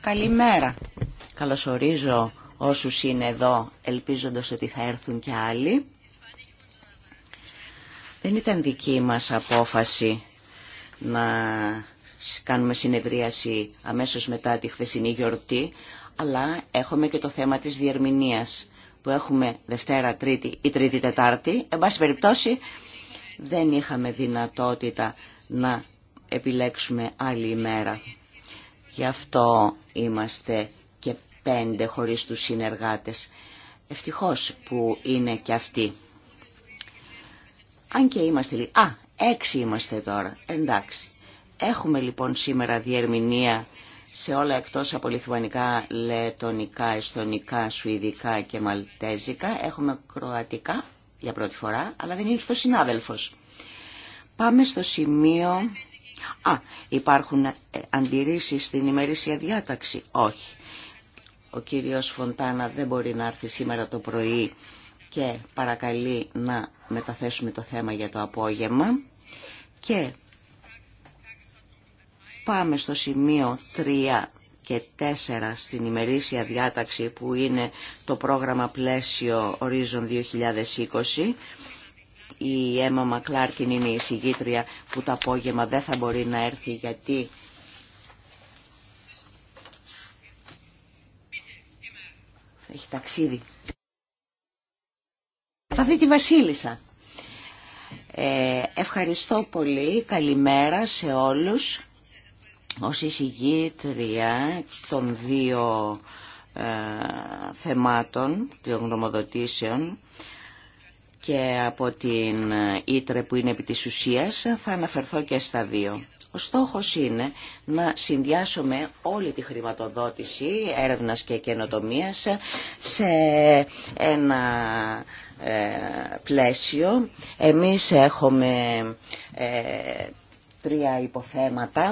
Καλημέρα. Καλωσορίζω όσους είναι εδώ, ελπίζοντας ότι θα έρθουν και άλλοι. Δεν ήταν δική μας απόφαση να κάνουμε συνεδρίαση αμέσως μετά τη χθεσινή γιορτή, αλλά έχουμε και το θέμα της διερμηνίας που έχουμε Δευτέρα, Τρίτη ή Τρίτη, Τετάρτη. Εν πάση περιπτώσει, δεν είχαμε δυνατότητα να επιλέξουμε άλλη ημέρα. Γι' αυτό είμαστε και πέντε χωρίς τους συνεργάτες. Ευτυχώς που είναι και αυτοί. Αν και είμαστε λίγο... Α, έξι είμαστε τώρα. Εντάξει. Έχουμε λοιπόν σήμερα διερμηνία σε όλα εκτός από λιθουανικά, λετονικά, εστονικά, σουηδικά και μαλτέζικα. Έχουμε κροατικά για πρώτη φορά, αλλά δεν ήρθε ο συνάδελφος. Πάμε στο σημείο... Α, υπάρχουν ε, αντιρρήσεις στην ημερήσια διάταξη. Όχι. Ο κύριος Φοντάνα δεν μπορεί να έρθει σήμερα το πρωί και παρακαλεί να μεταθέσουμε το θέμα για το απόγευμα. Και πάμε στο σημείο 3 και 4 στην ημερήσια διάταξη που είναι το πρόγραμμα πλαίσιο Horizon 2020. Η Έμα Μακλάρκιν είναι η συγγήτρια που το απόγευμα δεν θα μπορεί να έρθει γιατί έχει ταξίδι. Θα δει τη Βασίλισσα. Ε, ευχαριστώ πολύ. Καλημέρα σε όλους ως εισηγήτρια των δύο ε, θεμάτων, των γνωμοδοτήσεων και από την ε, Ήτρε που είναι επί της ουσίας, θα αναφερθώ και στα δύο. Ο στόχος είναι να συνδυάσουμε όλη τη χρηματοδότηση έρευνας και καινοτομίας σε ένα ε, πλαίσιο. Εμείς έχουμε τρία υποθέματα.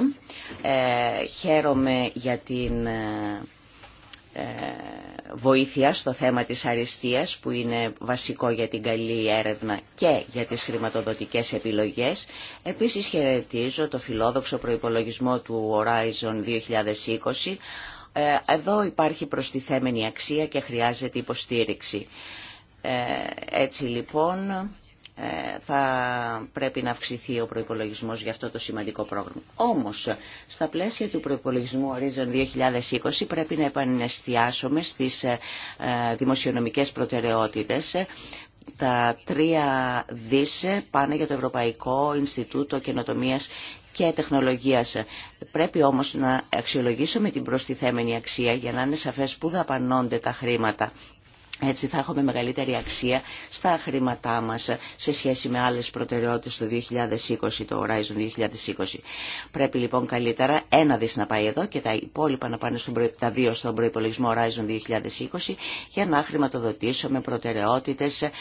Ε, χαίρομαι για την ε, ε, βοήθεια στο θέμα της αριστείας που είναι βασικό για την καλή έρευνα και για τις χρηματοδοτικές επιλογές. Επίσης χαιρετίζω το φιλόδοξο προϋπολογισμό του Horizon 2020. Ε, εδώ υπάρχει προστιθέμενη αξία και χρειάζεται υποστήριξη. Ε, έτσι λοιπόν ε, θα πρέπει να αυξηθεί ο προϋπολογισμός για αυτό το σημαντικό πρόγραμμα. Όμως, στα πλαίσια του προϋπολογισμού Horizon 2020 πρέπει να επανεστιάσουμε στις ε, δημοσιονομικές προτεραιότητες τα τρία δις πάνε για το Ευρωπαϊκό Ινστιτούτο Καινοτομίας και τεχνολογίας. Πρέπει όμως να αξιολογήσουμε την προστιθέμενη αξία για να είναι σαφές πού δαπανώνται τα χρήματα έτσι θα έχουμε μεγαλύτερη αξία στα χρήματά μας σε σχέση με άλλες προτεραιότητες το 2020, το Horizon 2020. Πρέπει λοιπόν καλύτερα ένα δις να πάει εδώ και τα υπόλοιπα να πάνε στον, τα δύο στον προϋπολογισμό Horizon 2020 για να χρηματοδοτήσουμε προτεραιότητες ε,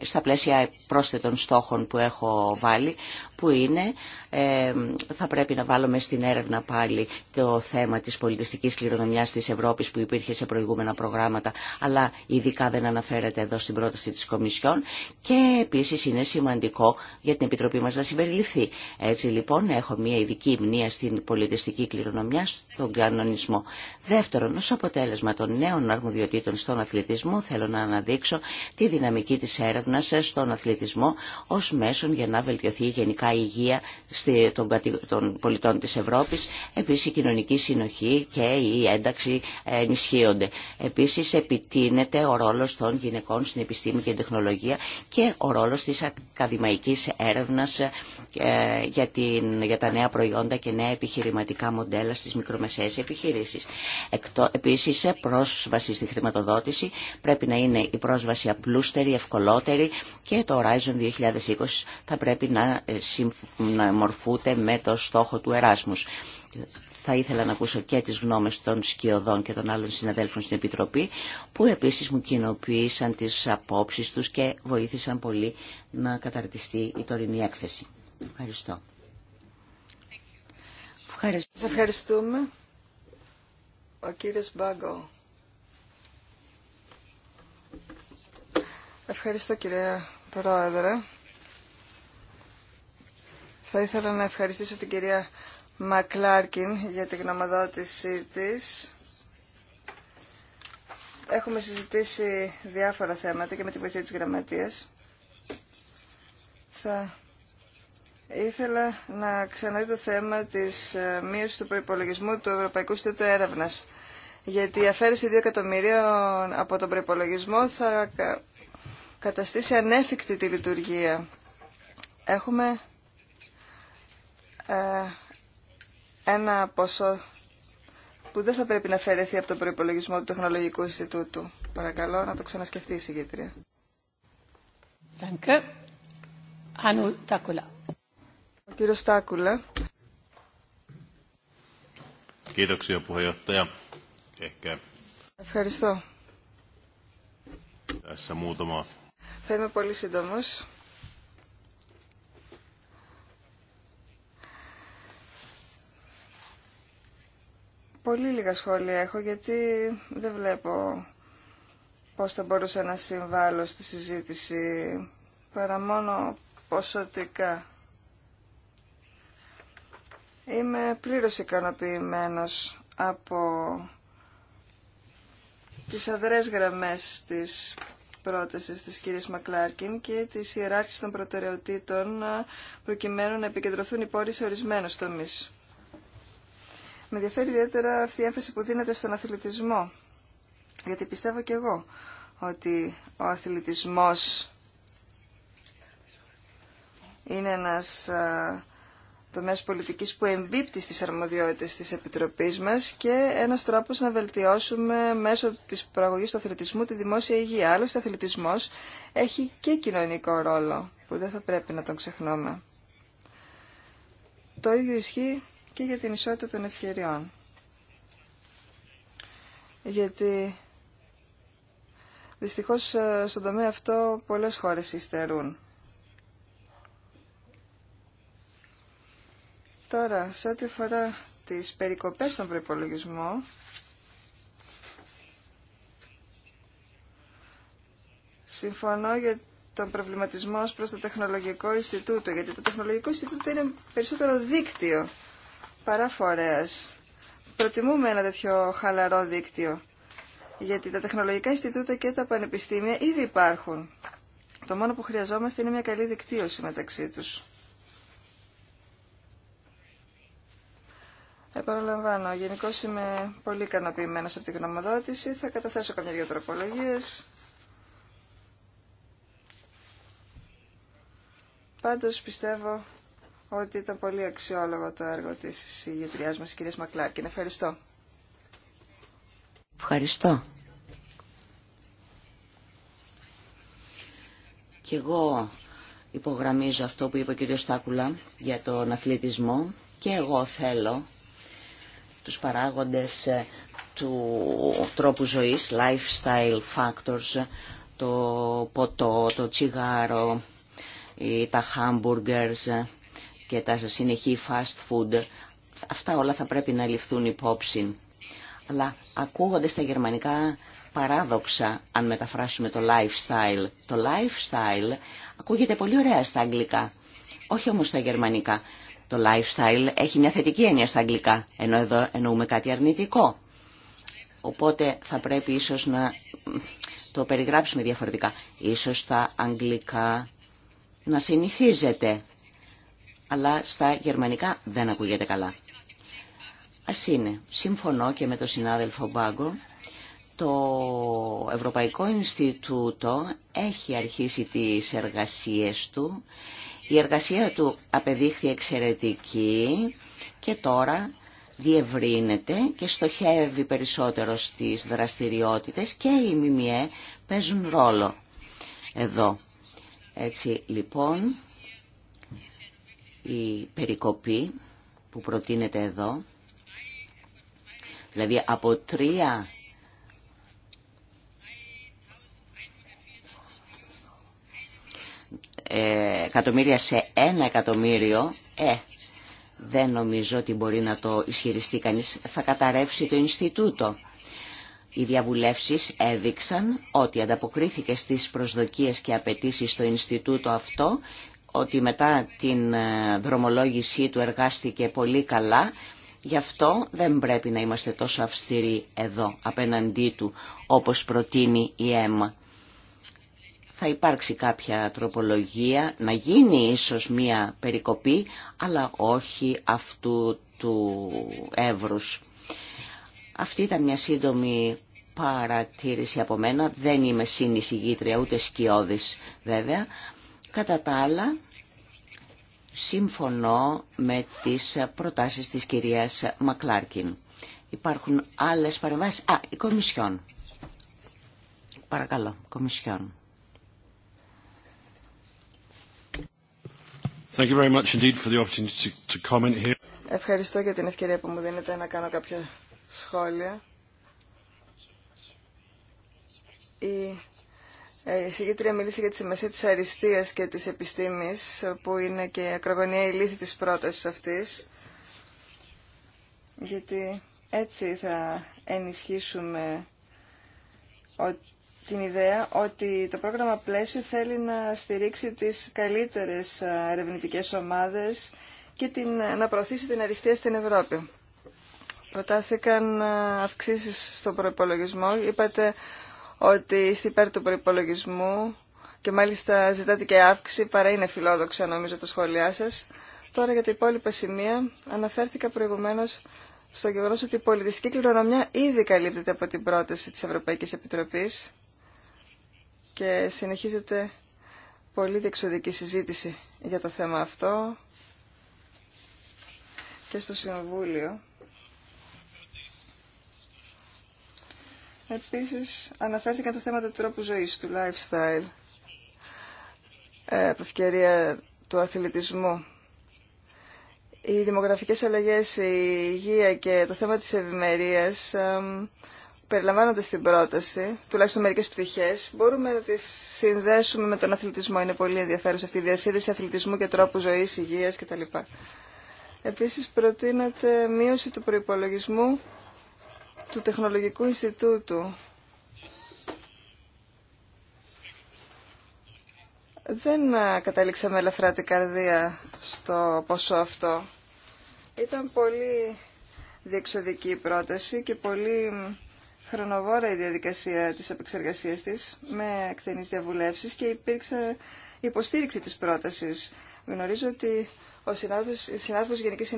στα πλαίσια πρόσθετων στόχων που έχω βάλει που είναι ε, θα πρέπει να βάλουμε στην έρευνα πάλι το θέμα της πολιτιστικής κληρονομιάς της Ευρώπης που υπήρχε σε προηγούμενα προγράμματα αλλά ειδικά δεν αναφέρεται εδώ στην πρόταση της Κομισιόν και επίσης είναι σημαντικό για την Επιτροπή μας να συμπεριληφθεί. Έτσι λοιπόν έχω μια ειδική μνήμα στην πολιτιστική κληρονομιά στον κανονισμό. Δεύτερον, ως αποτέλεσμα των νέων αρμοδιοτήτων στον αθλητισμό θέλω να αναδείξω τη δυναμική της έρευνας στον αθλητισμό ως μέσον για να βελτιωθεί γενικά η υγεία των πολιτών της Ευρώπης. Επίσης η κοινωνική συνοχή και η ένταξη ε, ενισχύονται. Επίσης τίνεται ο ρόλος των γυναικών στην επιστήμη και την τεχνολογία και ο ρόλος της ακαδημαϊκής έρευνας ε, για, την, για τα νέα προϊόντα και νέα επιχειρηματικά μοντέλα στις μικρομεσαίες επιχειρήσεις. Εκτό, επίσης, σε πρόσβαση στη χρηματοδότηση πρέπει να είναι η πρόσβαση απλούστερη, ευκολότερη και το Horizon 2020 θα πρέπει να μορφούται με το στόχο του Εράσμους θα ήθελα να ακούσω και τις γνώμες των σκιωδών και των άλλων συναδέλφων στην Επιτροπή, που επίσης μου κοινοποίησαν τις απόψεις τους και βοήθησαν πολύ να καταρτιστεί η τωρινή έκθεση. Ευχαριστώ. Ευχαριστώ. Σας ευχαριστούμε. Ο κύριος Μπάγκο. Ευχαριστώ κύριε Πρόεδρε. Θα ήθελα να ευχαριστήσω την κυρία Μακλάρκιν για την γνωμοδότησή της. Έχουμε συζητήσει διάφορα θέματα και με τη βοήθεια της γραμματείας. Θα ήθελα να ξαναδεί το θέμα της ε, μείωσης του προϋπολογισμού του Ευρωπαϊκού Συντήτου Έρευνας. Γιατί η αφαίρεση 2 εκατομμυρίων από τον προϋπολογισμό θα καταστήσει ανέφικτη τη λειτουργία. Έχουμε... Ε, ένα ποσό που δεν θα πρέπει να αφαιρεθεί από τον προπολογισμό του Τεχνολογικού Ινστιτούτου. Παρακαλώ να το ξανασκεφτεί η συγκεκριά. Ο κύριος Τάκουλα. Ευχαριστώ. Θα είμαι πολύ σύντομος. Πολύ λίγα σχόλια έχω γιατί δεν βλέπω πώς θα μπορούσα να συμβάλλω στη συζήτηση παρά μόνο ποσοτικά. Είμαι πλήρως ικανοποιημένος από τις αδρές γραμμές της πρότασης της κυρίας Μακλάρκιν και της ιεράρχηση των προτεραιοτήτων προκειμένου να επικεντρωθούν οι πόροι σε ορισμένους τομείς. Με ενδιαφέρει ιδιαίτερα αυτή η έμφαση που δίνεται στον αθλητισμό. Γιατί πιστεύω και εγώ ότι ο αθλητισμός είναι ένας τομέας πολιτικής που εμπίπτει στις αρμοδιότητες της Επιτροπής μας και ένας τρόπος να βελτιώσουμε μέσω της προαγωγής του αθλητισμού τη δημόσια υγεία. Άλλωστε, ο αθλητισμός έχει και κοινωνικό ρόλο που δεν θα πρέπει να τον ξεχνούμε. Το ίδιο ισχύει και για την ισότητα των ευκαιριών. Γιατί δυστυχώς ε, στον τομέα αυτό πολλές χώρες υστερούν. Τώρα, σε ό,τι αφορά τις περικοπές στον προϋπολογισμό συμφωνώ για τον προβληματισμό προς το Τεχνολογικό Ινστιτούτο, γιατί το Τεχνολογικό Ινστιτούτο είναι περισσότερο δίκτυο παρά Προτιμούμε ένα τέτοιο χαλαρό δίκτυο, γιατί τα τεχνολογικά Ινστιτούτα και τα πανεπιστήμια ήδη υπάρχουν. Το μόνο που χρειαζόμαστε είναι μια καλή δικτύωση μεταξύ τους. Επαναλαμβάνω, γενικώ είμαι πολύ ικανοποιημένο από την γνωμοδότηση. Θα καταθέσω καμιά δύο τροπολογίε. Πάντω πιστεύω ότι ήταν πολύ αξιόλογο το έργο της ηγετριάς μας, κυρίας Μακλάρκιν. Ευχαριστώ. Ευχαριστώ. Και εγώ υπογραμμίζω αυτό που είπε ο κύριος Στάκουλα για τον αθλητισμό και εγώ θέλω τους παράγοντες ε, του τρόπου ζωής, lifestyle factors, το ποτό, το τσιγάρο, τα hamburgers, και τα συνεχή fast food. Αυτά όλα θα πρέπει να ληφθούν υπόψη. Αλλά ακούγονται στα γερμανικά παράδοξα, αν μεταφράσουμε το lifestyle. Το lifestyle ακούγεται πολύ ωραία στα αγγλικά, όχι όμως στα γερμανικά. Το lifestyle έχει μια θετική έννοια στα αγγλικά, ενώ εδώ εννοούμε κάτι αρνητικό. Οπότε θα πρέπει ίσως να το περιγράψουμε διαφορετικά. Ίσως στα αγγλικά να συνηθίζεται αλλά στα γερμανικά δεν ακούγεται καλά. Α είναι, συμφωνώ και με τον συνάδελφο Μπάγκο, το Ευρωπαϊκό Ινστιτούτο έχει αρχίσει τις εργασίες του. Η εργασία του απεδείχθη εξαιρετική και τώρα διευρύνεται και στοχεύει περισσότερο στις δραστηριότητες και οι ΜΜΕ παίζουν ρόλο εδώ. Έτσι λοιπόν η περικοπή που προτείνεται εδώ, δηλαδή από τρία εκατομμύρια σε ένα εκατομμύριο, ε, δεν νομίζω ότι μπορεί να το ισχυριστεί κανείς, θα καταρρεύσει το Ινστιτούτο. Οι διαβουλεύσεις έδειξαν ότι ανταποκρίθηκε στις προσδοκίες και απαιτήσεις στο Ινστιτούτο αυτό ότι μετά την ε, δρομολόγησή του εργάστηκε πολύ καλά, γι' αυτό δεν πρέπει να είμαστε τόσο αυστηροί εδώ απέναντί του όπως προτείνει η ΕΜΑ. Θα υπάρξει κάποια τροπολογία, να γίνει ίσως μία περικοπή, αλλά όχι αυτού του εύρους. Αυτή ήταν μια σύντομη παρατήρηση από μένα. Δεν είμαι συνεισηγήτρια ούτε σκιώδης βέβαια. Κατά τα άλλα, Συμφωνώ με τις προτάσεις της κυρίας Μακλάρκιν. Υπάρχουν άλλες παρεμβάσεις. Α, η Κομισιόν. Παρακαλώ, Κομισιόν. Ευχαριστώ για την ευκαιρία που μου δίνετε να κάνω κάποια σχόλια. Η ε, η συγκήτρια μίλησε για τη σημασία της αριστείας και της επιστήμης, που είναι και η ακρογωνία η λύθη της πρότασης αυτής, γιατί έτσι θα ενισχύσουμε την ιδέα ότι το πρόγραμμα πλαίσιο θέλει να στηρίξει τις καλύτερες ερευνητικές ομάδες και την, να προωθήσει την αριστεία στην Ευρώπη. Προτάθηκαν αυξήσεις στο προπολογισμό. Είπατε ότι είστε υπέρ του προπολογισμού και μάλιστα ζητάτε και αύξηση, παρά είναι φιλόδοξα νομίζω τα σχόλιά σα. Τώρα για τα υπόλοιπα σημεία αναφέρθηκα προηγουμένω στο γεγονός ότι η πολιτιστική κληρονομιά ήδη καλύπτεται από την πρόταση της Ευρωπαϊκής Επιτροπής και συνεχίζεται πολύ διεξοδική συζήτηση για το θέμα αυτό και στο Συμβούλιο. Επίσης αναφέρθηκαν τα θέματα του τρόπου ζωής, του lifestyle, ε, από ευκαιρία του αθλητισμού. Οι δημογραφικές αλλαγές, η υγεία και το θέμα της ευημερίας περιλαμβάνονται στην πρόταση, τουλάχιστον μερικές πτυχές. μπορούμε να τις συνδέσουμε με τον αθλητισμό. Είναι πολύ σε αυτή η διασύνδεση αθλητισμού και τρόπου ζωή, υγεία κτλ. Επίσης προτείνεται μείωση του προπολογισμού του Τεχνολογικού Ινστιτούτου δεν ε, κατάληξαμε ελαφρά την καρδία στο ποσό αυτό. Ήταν πολύ διεξοδική η πρόταση και πολύ χρονοβόρα η διαδικασία της επεξεργασίας της με εκτενείς διαβουλεύσεις και υπήρξε υποστήριξη της πρότασης. Γνωρίζω ότι ο συνάδελφος, της Γενικής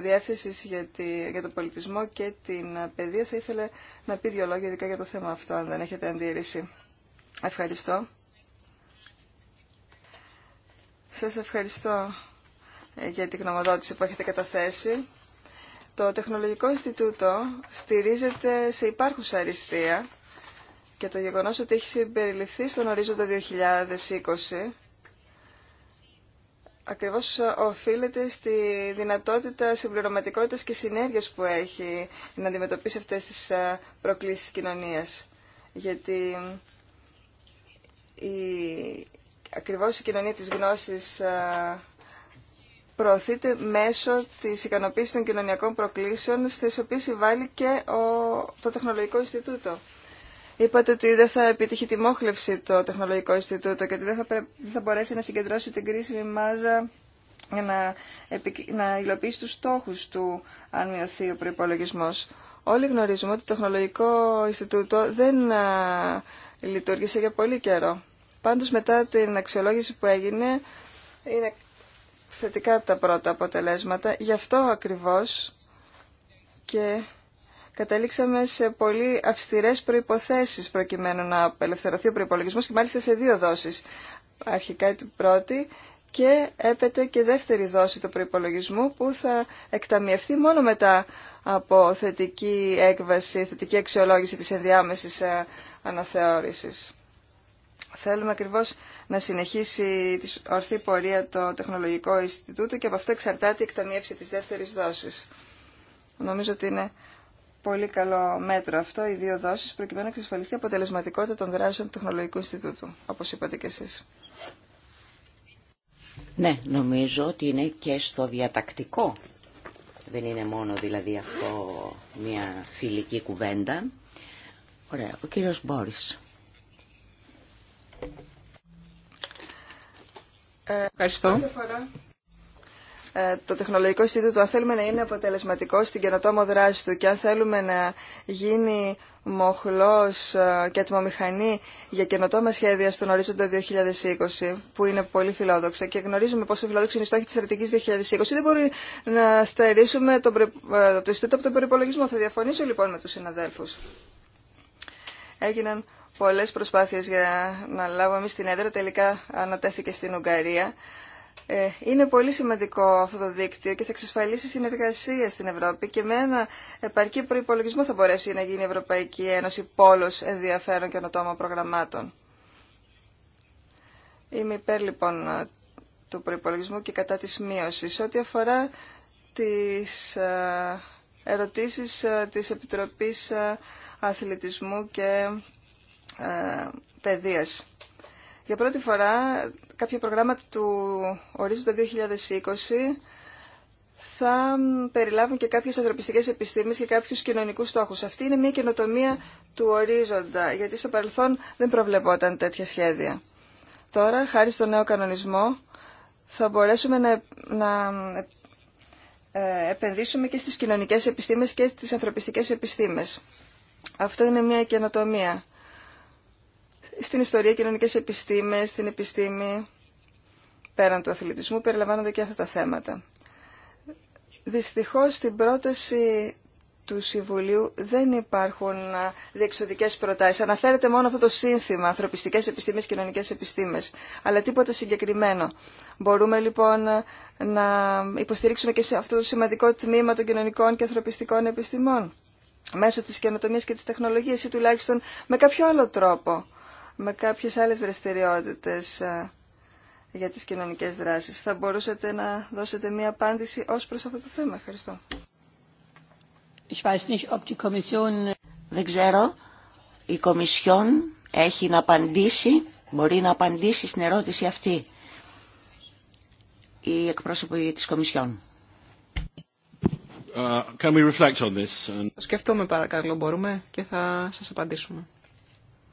Διεύθυνσης για, για τον πολιτισμό και την παιδεία θα ήθελε να πει δύο λόγια ειδικά για το θέμα αυτό, αν δεν έχετε αντίρρηση. Ευχαριστώ. Σας ευχαριστώ ε, για την γνωμοδότηση που έχετε καταθέσει. Το Τεχνολογικό Ινστιτούτο στηρίζεται σε υπάρχουσα αριστεία και το γεγονός ότι έχει συμπεριληφθεί στον ορίζοντα 2020 ακριβώς ε, οφείλεται στη δυνατότητα συμπληρωματικότητας και συνέργειας που έχει να αντιμετωπίσει αυτές τις ε, προκλήσεις της κοινωνίας. Γιατί ε, η, ακριβώς η κοινωνία της γνώσης προωθείται μέσω της ικανοποίησης των κοινωνιακών προκλήσεων στις οποίες συμβάλλει και το Τεχνολογικό Ινστιτούτο. Είπατε ότι δεν θα επιτύχει τη μόχλευση το Τεχνολογικό Ινστιτούτο και ότι δεν θα, δεν θα μπορέσει να συγκεντρώσει την κρίσιμη μάζα για να, να υλοποιήσει τους στόχους του αν μειωθεί ο προπολογισμό. Όλοι γνωρίζουμε ότι το Τεχνολογικό Ινστιτούτο δεν α, λειτουργήσε για πολύ καιρό. Πάντως μετά την αξιολόγηση που έγινε είναι θετικά τα πρώτα αποτελέσματα. Γι' αυτό ακριβώς και καταλήξαμε σε πολύ αυστηρέ προϋποθέσεις προκειμένου να απελευθερωθεί ο προπολογισμό και μάλιστα σε δύο δόσεις. Αρχικά την πρώτη και έπεται και δεύτερη δόση του προϋπολογισμού που θα εκταμιευθεί μόνο μετά από θετική έκβαση, θετική αξιολόγηση της ενδιάμεσης ε, αναθεώρησης. Θέλουμε ακριβώς να συνεχίσει τη ορθή πορεία το Τεχνολογικό Ινστιτούτο και από αυτό εξαρτάται η εκταμίευση της δεύτερης δόσης. Νομίζω ότι πολύ καλό μέτρο αυτό, οι δύο δόσεις, προκειμένου να εξασφαλιστεί η αποτελεσματικότητα των δράσεων του Τεχνολογικού Ινστιτούτου, όπως είπατε και εσείς. Ναι, νομίζω ότι είναι και στο διατακτικό. Δεν είναι μόνο δηλαδή αυτό μια φιλική κουβέντα. Ωραία, ο κύριος Μπόρις. Ε, Ευχαριστώ. Ε, το τεχνολογικό Ινστιτούτο, αν θέλουμε να είναι αποτελεσματικό στην καινοτόμο δράση του και αν θέλουμε να γίνει μοχλός ε, και ατμομηχανή για καινοτόμα σχέδια στον ορίζοντα 2020, που είναι πολύ φιλόδοξα και γνωρίζουμε πόσο φιλόδοξη είναι η στόχη της στρατηγική 2020, δεν μπορεί να στερήσουμε ε, το Ινστιτούτο από τον προπολογισμό. Θα διαφωνήσω λοιπόν με τους συναδέλφους. Έγιναν πολλές προσπάθειες για να λάβουμε εμεί την έδρα, τελικά ανατέθηκε στην Ουγγαρία. Ε, είναι πολύ σημαντικό αυτό το δίκτυο και θα εξασφαλίσει συνεργασία στην Ευρώπη και με ένα επαρκή προπολογισμό θα μπορέσει να γίνει η Ευρωπαϊκή Ένωση πόλος ενδιαφέρον και ονοτόμων προγραμμάτων. Είμαι υπέρ λοιπόν του προπολογισμού και κατά της μείωσης. Ό,τι αφορά τις ε, ερωτήσεις ε, της Επιτροπής Αθλητισμού και Παιδείας. Για πρώτη φορά κάποιο πρόγραμμα του ορίζοντα 2020 θα περιλάβουν και κάποιες ανθρωπιστικές επιστήμες και κάποιους κοινωνικούς στόχους. Αυτή είναι μια καινοτομία του ορίζοντα, γιατί στο παρελθόν δεν προβλεπόταν τέτοια σχέδια. Τώρα, χάρη στο νέο κανονισμό, θα μπορέσουμε να, να ε, επενδύσουμε και στις κοινωνικές επιστήμες και στις ανθρωπιστικές επιστήμες. Αυτό είναι μια καινοτομία στην ιστορία, κοινωνικές επιστήμες, στην επιστήμη, πέραν του αθλητισμού, περιλαμβάνονται και αυτά τα θέματα. Δυστυχώς στην πρόταση του Συμβουλίου δεν υπάρχουν διεξοδικές προτάσεις. Αναφέρεται μόνο αυτό το σύνθημα, ανθρωπιστικές επιστήμες, κοινωνικές επιστήμες, αλλά τίποτα συγκεκριμένο. Μπορούμε λοιπόν να υποστηρίξουμε και σε αυτό το σημαντικό τμήμα των κοινωνικών και ανθρωπιστικών επιστημών μέσω της καινοτομίας και της τεχνολογίας ή τουλάχιστον με κάποιο άλλο τρόπο με κάποιες άλλες δραστηριότητες ε, για τις κοινωνικές δράσεις. Θα μπορούσατε να δώσετε μία απάντηση ως προς αυτό το θέμα. Ευχαριστώ. Δεν ξέρω. Η Κομισιόν έχει να απαντήσει, μπορεί να απαντήσει στην ερώτηση αυτή. Η εκπρόσωποι της Κομισιόν. Uh, Σκεφτούμε παρακαλώ, μπορούμε και θα σας απαντήσουμε.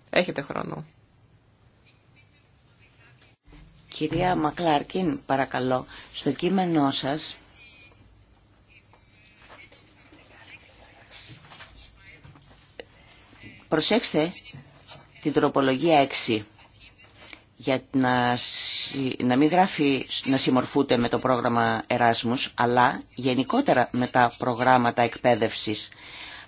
Έχετε χρόνο. Κυρία Μακλάρκιν, παρακαλώ, στο κείμενό σας προσέξτε την τροπολογία 6 για να, να μην γράφει να συμμορφούνται με το πρόγραμμα Εράσμους, αλλά γενικότερα με τα προγράμματα εκπαίδευσης.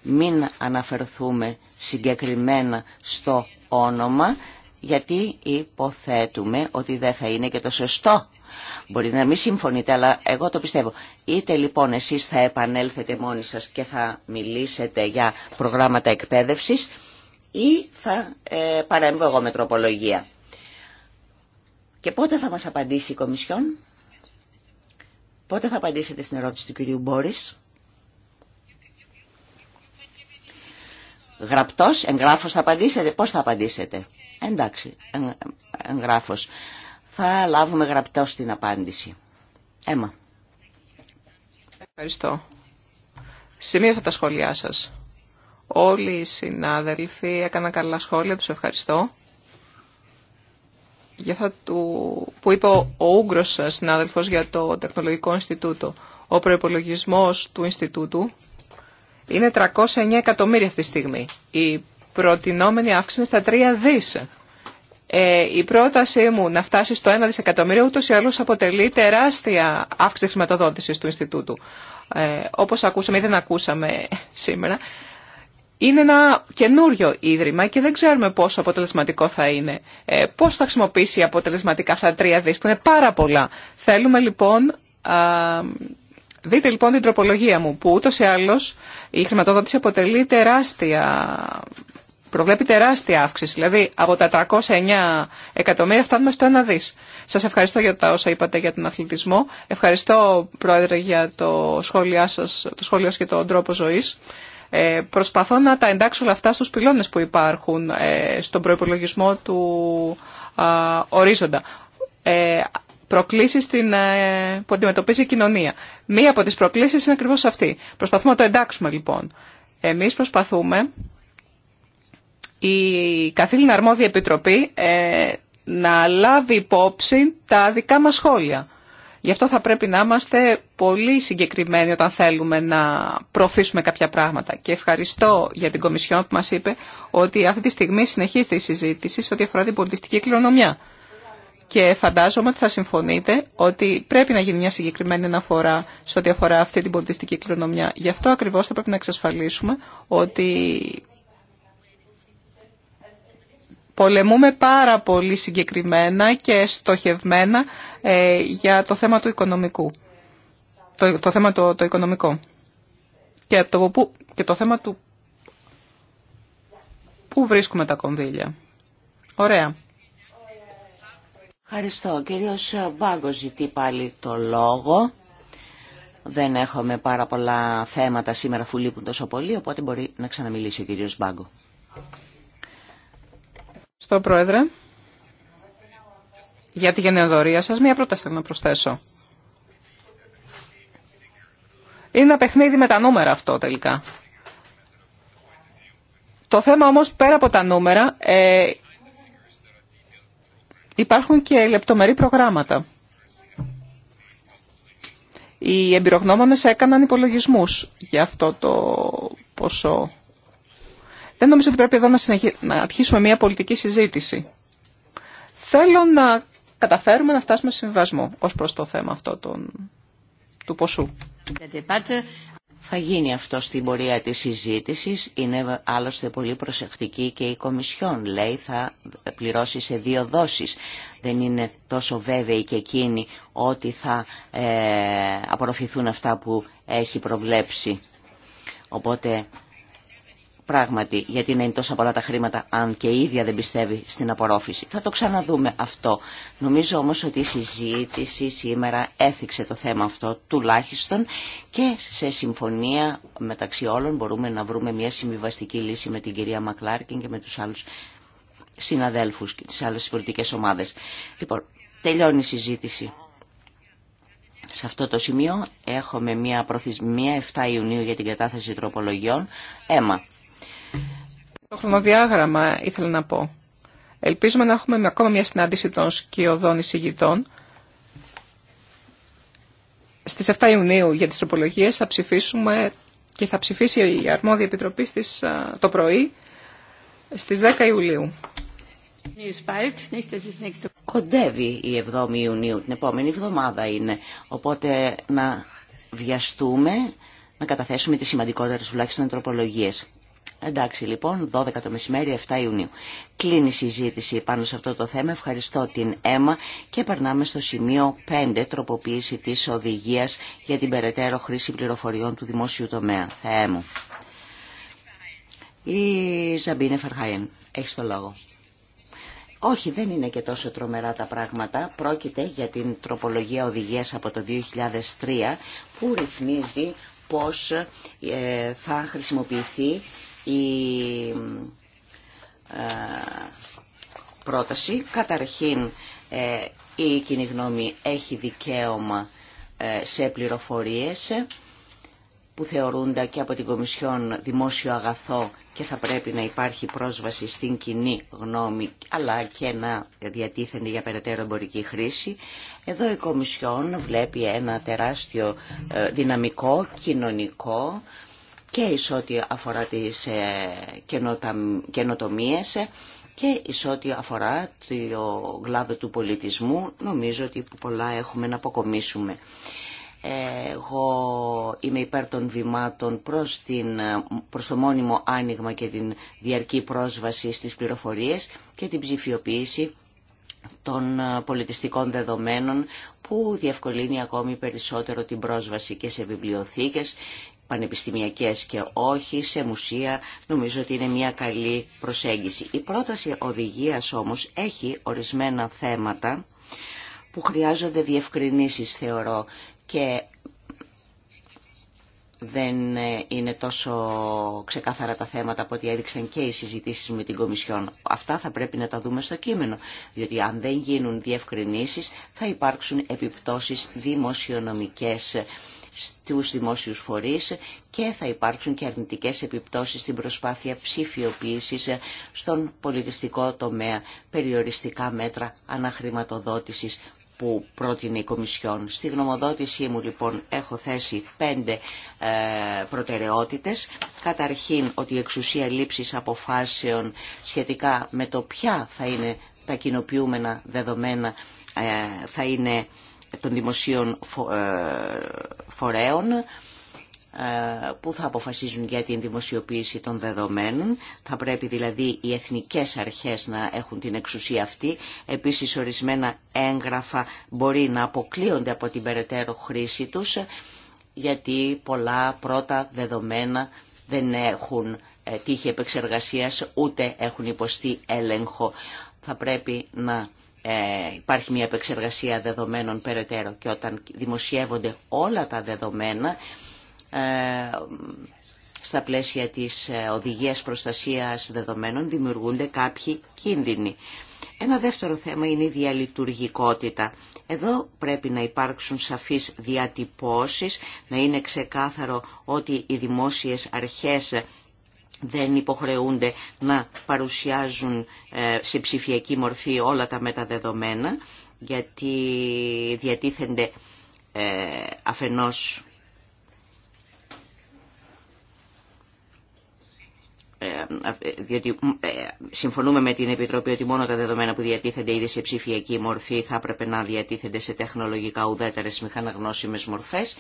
Μην αναφερθούμε συγκεκριμένα στο όνομα, γιατί υποθέτουμε ότι δεν θα είναι και το σωστό. Μπορεί να μην συμφωνείτε, αλλά εγώ το πιστεύω. Είτε λοιπόν εσείς θα επανέλθετε μόνοι σας και θα μιλήσετε για προγράμματα εκπαίδευσης ή θα ε, παρέμβω εγώ με τροπολογία. Και πότε θα μας απαντήσει η Κομισιόν. Πότε θα απαντήσετε στην ερώτηση του κυρίου Μπόρις. Γραπτός, εγγράφος θα απαντήσετε. Πώς θα απαντήσετε. Εντάξει, εγγράφος. Θα λάβουμε γραπτός την απάντηση. Έμα. Ευχαριστώ. Σημείωσα τα σχόλιά σας. Όλοι οι συνάδελφοι έκαναν καλά σχόλια, τους ευχαριστώ. Για αυτό του... που είπε ο Ούγκρος συνάδελφος για το Τεχνολογικό Ινστιτούτο. Ο προϋπολογισμός του Ινστιτούτου είναι 309 εκατομμύρια αυτή τη στιγμή. Η προτινόμενη αύξηση είναι στα 3 δις. Ε, η πρότασή μου να φτάσει στο 1 δισεκατομμύριο ούτως ή άλλως αποτελεί τεράστια αύξηση χρηματοδότησης του Ινστιτούτου. Ε, όπως ακούσαμε ή δεν ακούσαμε σήμερα. Είναι ένα καινούριο ίδρυμα και δεν ξέρουμε πόσο αποτελεσματικό θα είναι. Ε, πώς θα χρησιμοποιήσει αποτελεσματικά αυτά τα τρία δις που είναι πάρα πολλά. Θέλουμε λοιπόν Δείτε λοιπόν την τροπολογία μου που ούτως ή άλλως η χρηματοδότηση αποτελεί τεράστια, προβλέπει τεράστια αύξηση. Δηλαδή από τα 309 εκατομμύρια φτάνουμε στο 1 δις. Σας ευχαριστώ για τα όσα είπατε για τον αθλητισμό. Ευχαριστώ Πρόεδρε για το σχόλιο σας, το σχόλιο σας και τον τρόπο ζωής. Ε, προσπαθώ να τα εντάξω όλα αυτά στους πυλώνες που υπάρχουν ε, στον προϋπολογισμό του ορίζοντα. Ε, προκλήσεις στην, ε, που αντιμετωπίζει η κοινωνία. Μία από τις προκλήσεις είναι ακριβώς αυτή. Προσπαθούμε να το εντάξουμε λοιπόν. Εμείς προσπαθούμε η καθήλυνα αρμόδια επιτροπή ε, να λάβει υπόψη τα δικά μας σχόλια. Γι' αυτό θα πρέπει να είμαστε πολύ συγκεκριμένοι όταν θέλουμε να προωθήσουμε κάποια πράγματα. Και ευχαριστώ για την Κομισιόν που μας είπε ότι αυτή τη στιγμή συνεχίζεται η συζήτηση σε ό,τι αφορά την πολιτιστική κληρονομιά και φαντάζομαι ότι θα συμφωνείτε ότι πρέπει να γίνει μια συγκεκριμένη αναφορά σε ό,τι αφορά αυτή την πολιτιστική κληρονομιά. Γι' αυτό ακριβώς θα πρέπει να εξασφαλίσουμε ότι πολεμούμε πάρα πολύ συγκεκριμένα και στοχευμένα ε, για το θέμα του οικονομικού. Το, θέμα το, οικονομικό. Και το, που, και το θέμα του πού βρίσκουμε τα κονδύλια. Ωραία. Ευχαριστώ. Ο κύριος Μπάγκο ζητεί πάλι το λόγο. Δεν έχουμε πάρα πολλά θέματα σήμερα που λείπουν τόσο πολύ, οπότε μπορεί να ξαναμιλήσει ο κύριος Μπάγκο. Ευχαριστώ, Πρόεδρε. Για τη γενεοδορία σας, μία πρόταση θέλω να προσθέσω. Είναι ένα παιχνίδι με τα νούμερα αυτό τελικά. Το θέμα όμως πέρα από τα νούμερα ε, υπάρχουν και λεπτομερή προγράμματα. Οι εμπειρογνώμονες έκαναν υπολογισμούς για αυτό το ποσό. Δεν νομίζω ότι πρέπει εδώ να, συνεχί... αρχίσουμε μια πολιτική συζήτηση. Θέλω να καταφέρουμε να φτάσουμε σε συμβασμό ως προς το θέμα αυτό των... του ποσού. Θα γίνει αυτό στην πορεία της συζήτησης, είναι άλλωστε πολύ προσεκτική και η Κομισιόν λέει θα πληρώσει σε δύο δόσεις. Δεν είναι τόσο βέβαιη και εκείνη ότι θα ε, απορροφηθούν αυτά που έχει προβλέψει. Οπότε πράγματι γιατί να είναι τόσα πολλά τα χρήματα αν και η ίδια δεν πιστεύει στην απορρόφηση. Θα το ξαναδούμε αυτό. Νομίζω όμω ότι η συζήτηση σήμερα έθιξε το θέμα αυτό τουλάχιστον και σε συμφωνία μεταξύ όλων μπορούμε να βρούμε μια συμβιβαστική λύση με την κυρία Μακλάρκιν και με του άλλου συναδέλφου και τι άλλε πολιτικέ ομάδε. Λοιπόν, τελειώνει η συζήτηση. Σε αυτό το σημείο έχουμε μια προθεσμία 7 Ιουνίου για την κατάθεση τροπολογιών. Έμα, το χρονοδιάγραμμα ήθελα να πω. Ελπίζουμε να έχουμε ακόμα μια συνάντηση των σκιωδών εισηγητών. Στις 7 Ιουνίου για τις τροπολογίες θα ψηφίσουμε και θα ψηφίσει η αρμόδια επιτροπή στις, το πρωί στις 10 Ιουλίου. Κοντεύει η 7η Ιουνίου, την επόμενη εβδομάδα είναι. Οπότε να βιαστούμε να καταθέσουμε τις σημαντικότερες τουλάχιστον τροπολογίες. Εντάξει λοιπόν, 12 το μεσημέρι, 7 Ιουνίου. Κλείνει η συζήτηση πάνω σε αυτό το θέμα. Ευχαριστώ την ΕΜΑ και περνάμε στο σημείο 5, τροποποίηση της οδηγίας για την περαιτέρω χρήση πληροφοριών του δημόσιου τομέα. Θεέ μου. Η Ζαμπίνε Φερχάιεν, έχει το λόγο. Όχι, δεν είναι και τόσο τρομερά τα πράγματα. Πρόκειται για την τροπολογία οδηγίας από το 2003 που ρυθμίζει πώς ε, θα χρησιμοποιηθεί η ε, πρόταση. Καταρχήν ε, η κοινή γνώμη έχει δικαίωμα ε, σε πληροφορίες που θεωρούνται και από την Κομισιόν δημόσιο αγαθό και θα πρέπει να υπάρχει πρόσβαση στην κοινή γνώμη αλλά και να διατίθενται για περαιτέρω εμπορική χρήση. Εδώ η Κομισιόν βλέπει ένα τεράστιο δυναμικό κοινωνικό και εις ό,τι αφορά τις ε, καινοτομίες και εις ό,τι αφορά το γλάβε του πολιτισμού νομίζω ότι πολλά έχουμε να αποκομίσουμε. Εγώ είμαι υπέρ των βημάτων προς, την, προς το μόνιμο άνοιγμα και την διαρκή πρόσβαση στις πληροφορίες και την ψηφιοποίηση των ε, πολιτιστικών δεδομένων που διευκολύνει ακόμη περισσότερο την πρόσβαση και σε βιβλιοθήκες πανεπιστημιακές και όχι σε μουσεία, νομίζω ότι είναι μια καλή προσέγγιση. Η πρόταση οδηγίας όμως έχει ορισμένα θέματα που χρειάζονται διευκρινήσεις θεωρώ και δεν ε, είναι τόσο ξεκάθαρα τα θέματα από ό,τι έδειξαν και οι συζητήσεις με την Κομισιόν. Αυτά θα πρέπει να τα δούμε στο κείμενο, διότι αν δεν γίνουν διευκρινήσεις θα υπάρξουν επιπτώσεις δημοσιονομικές στους δημόσιους φορείς και θα υπάρξουν και αρνητικές επιπτώσεις στην προσπάθεια ψηφιοποίησης στον πολιτιστικό τομέα περιοριστικά μέτρα αναχρηματοδότησης που πρότεινε η Κομισιόν. Στη γνωμοδότησή μου λοιπόν έχω θέσει πέντε ε, προτεραιότητες. Καταρχήν ότι η εξουσία λήψης αποφάσεων σχετικά με το ποια θα είναι τα κοινοποιούμενα δεδομένα ε, θα είναι των δημοσίων ε, φορέων ε, που θα αποφασίζουν για την δημοσιοποίηση των δεδομένων. Θα πρέπει δηλαδή οι εθνικές αρχές να έχουν την εξουσία αυτή. Επίσης ορισμένα έγγραφα μπορεί να αποκλείονται από την περαιτέρω χρήση τους γιατί πολλά πρώτα δεδομένα δεν έχουν ε, τύχη επεξεργασίας ούτε έχουν υποστεί έλεγχο. Θα πρέπει να ε, υπάρχει μια επεξεργασία δεδομένων περαιτέρω και όταν δημοσιεύονται όλα τα δεδομένα ε, στα πλαίσια της ε, οδηγίας προστασίας δεδομένων δημιουργούνται κάποιοι κίνδυνοι. Ένα δεύτερο θέμα είναι η διαλειτουργικότητα. Εδώ πρέπει να υπάρξουν σαφείς διατυπώσεις, να είναι ξεκάθαρο ότι οι δημόσιες αρχές δεν υποχρεούνται να παρουσιάζουν ε, σε ψηφιακή μορφή όλα τα μεταδεδομένα γιατί διατίθενται ε, αφενός ε, διότι συμφωνούμε με την Επιτροπή ότι μόνο τα δεδομένα που διατίθενται ήδη σε ψηφιακή μορφή θα έπρεπε να διατίθενται σε τεχνολογικά ουδέτερες μηχαναγνώσιμες μορφές.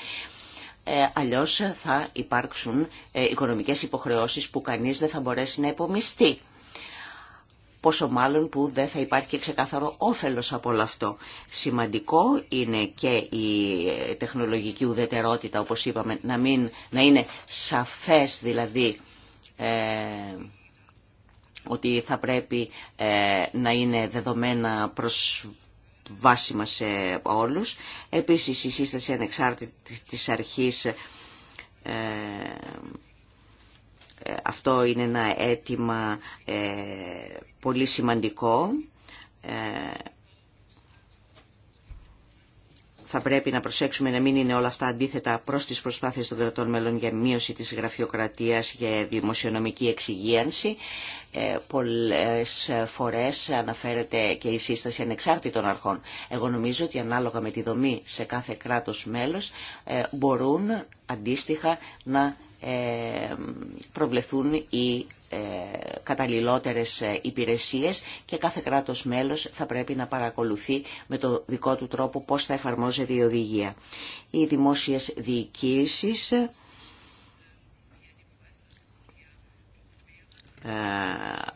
Ε, αλλιώς θα υπάρξουν ε, οικονομικές υποχρεώσεις που κανείς δεν θα μπορέσει να υπομιστεί, Πόσο μάλλον που δεν θα υπάρχει και ξεκάθαρο όφελος από όλο αυτό. Σημαντικό είναι και η τεχνολογική ουδετερότητα, όπως είπαμε, να, μην, να είναι σαφές δηλαδή ε, ότι θα πρέπει να είναι δεδομένα προς βάσιμα σε όλους. Επίσης η σύσταση ανεξάρτητη της αρχής, ε, ε, αυτό είναι ένα αίτημα ε, πολύ σημαντικό. Ε, θα πρέπει να προσέξουμε να μην είναι όλα αυτά αντίθετα προς τις προσπάθειες των κρατών μελών για μείωση της γραφειοκρατίας, για δημοσιονομική εξυγίανση. Ε, πολλές φορές αναφέρεται και η σύσταση ανεξάρτητων αρχών. Εγώ νομίζω ότι ανάλογα με τη δομή σε κάθε κράτος μέλος ε, μπορούν αντίστοιχα να ε, προβλεφθούν οι καταλληλότερες υπηρεσίες και κάθε κράτος μέλος θα πρέπει να παρακολουθεί με το δικό του τρόπο πώς θα εφαρμόζεται η οδηγία. Οι δημόσιες διοικήσεις Ε,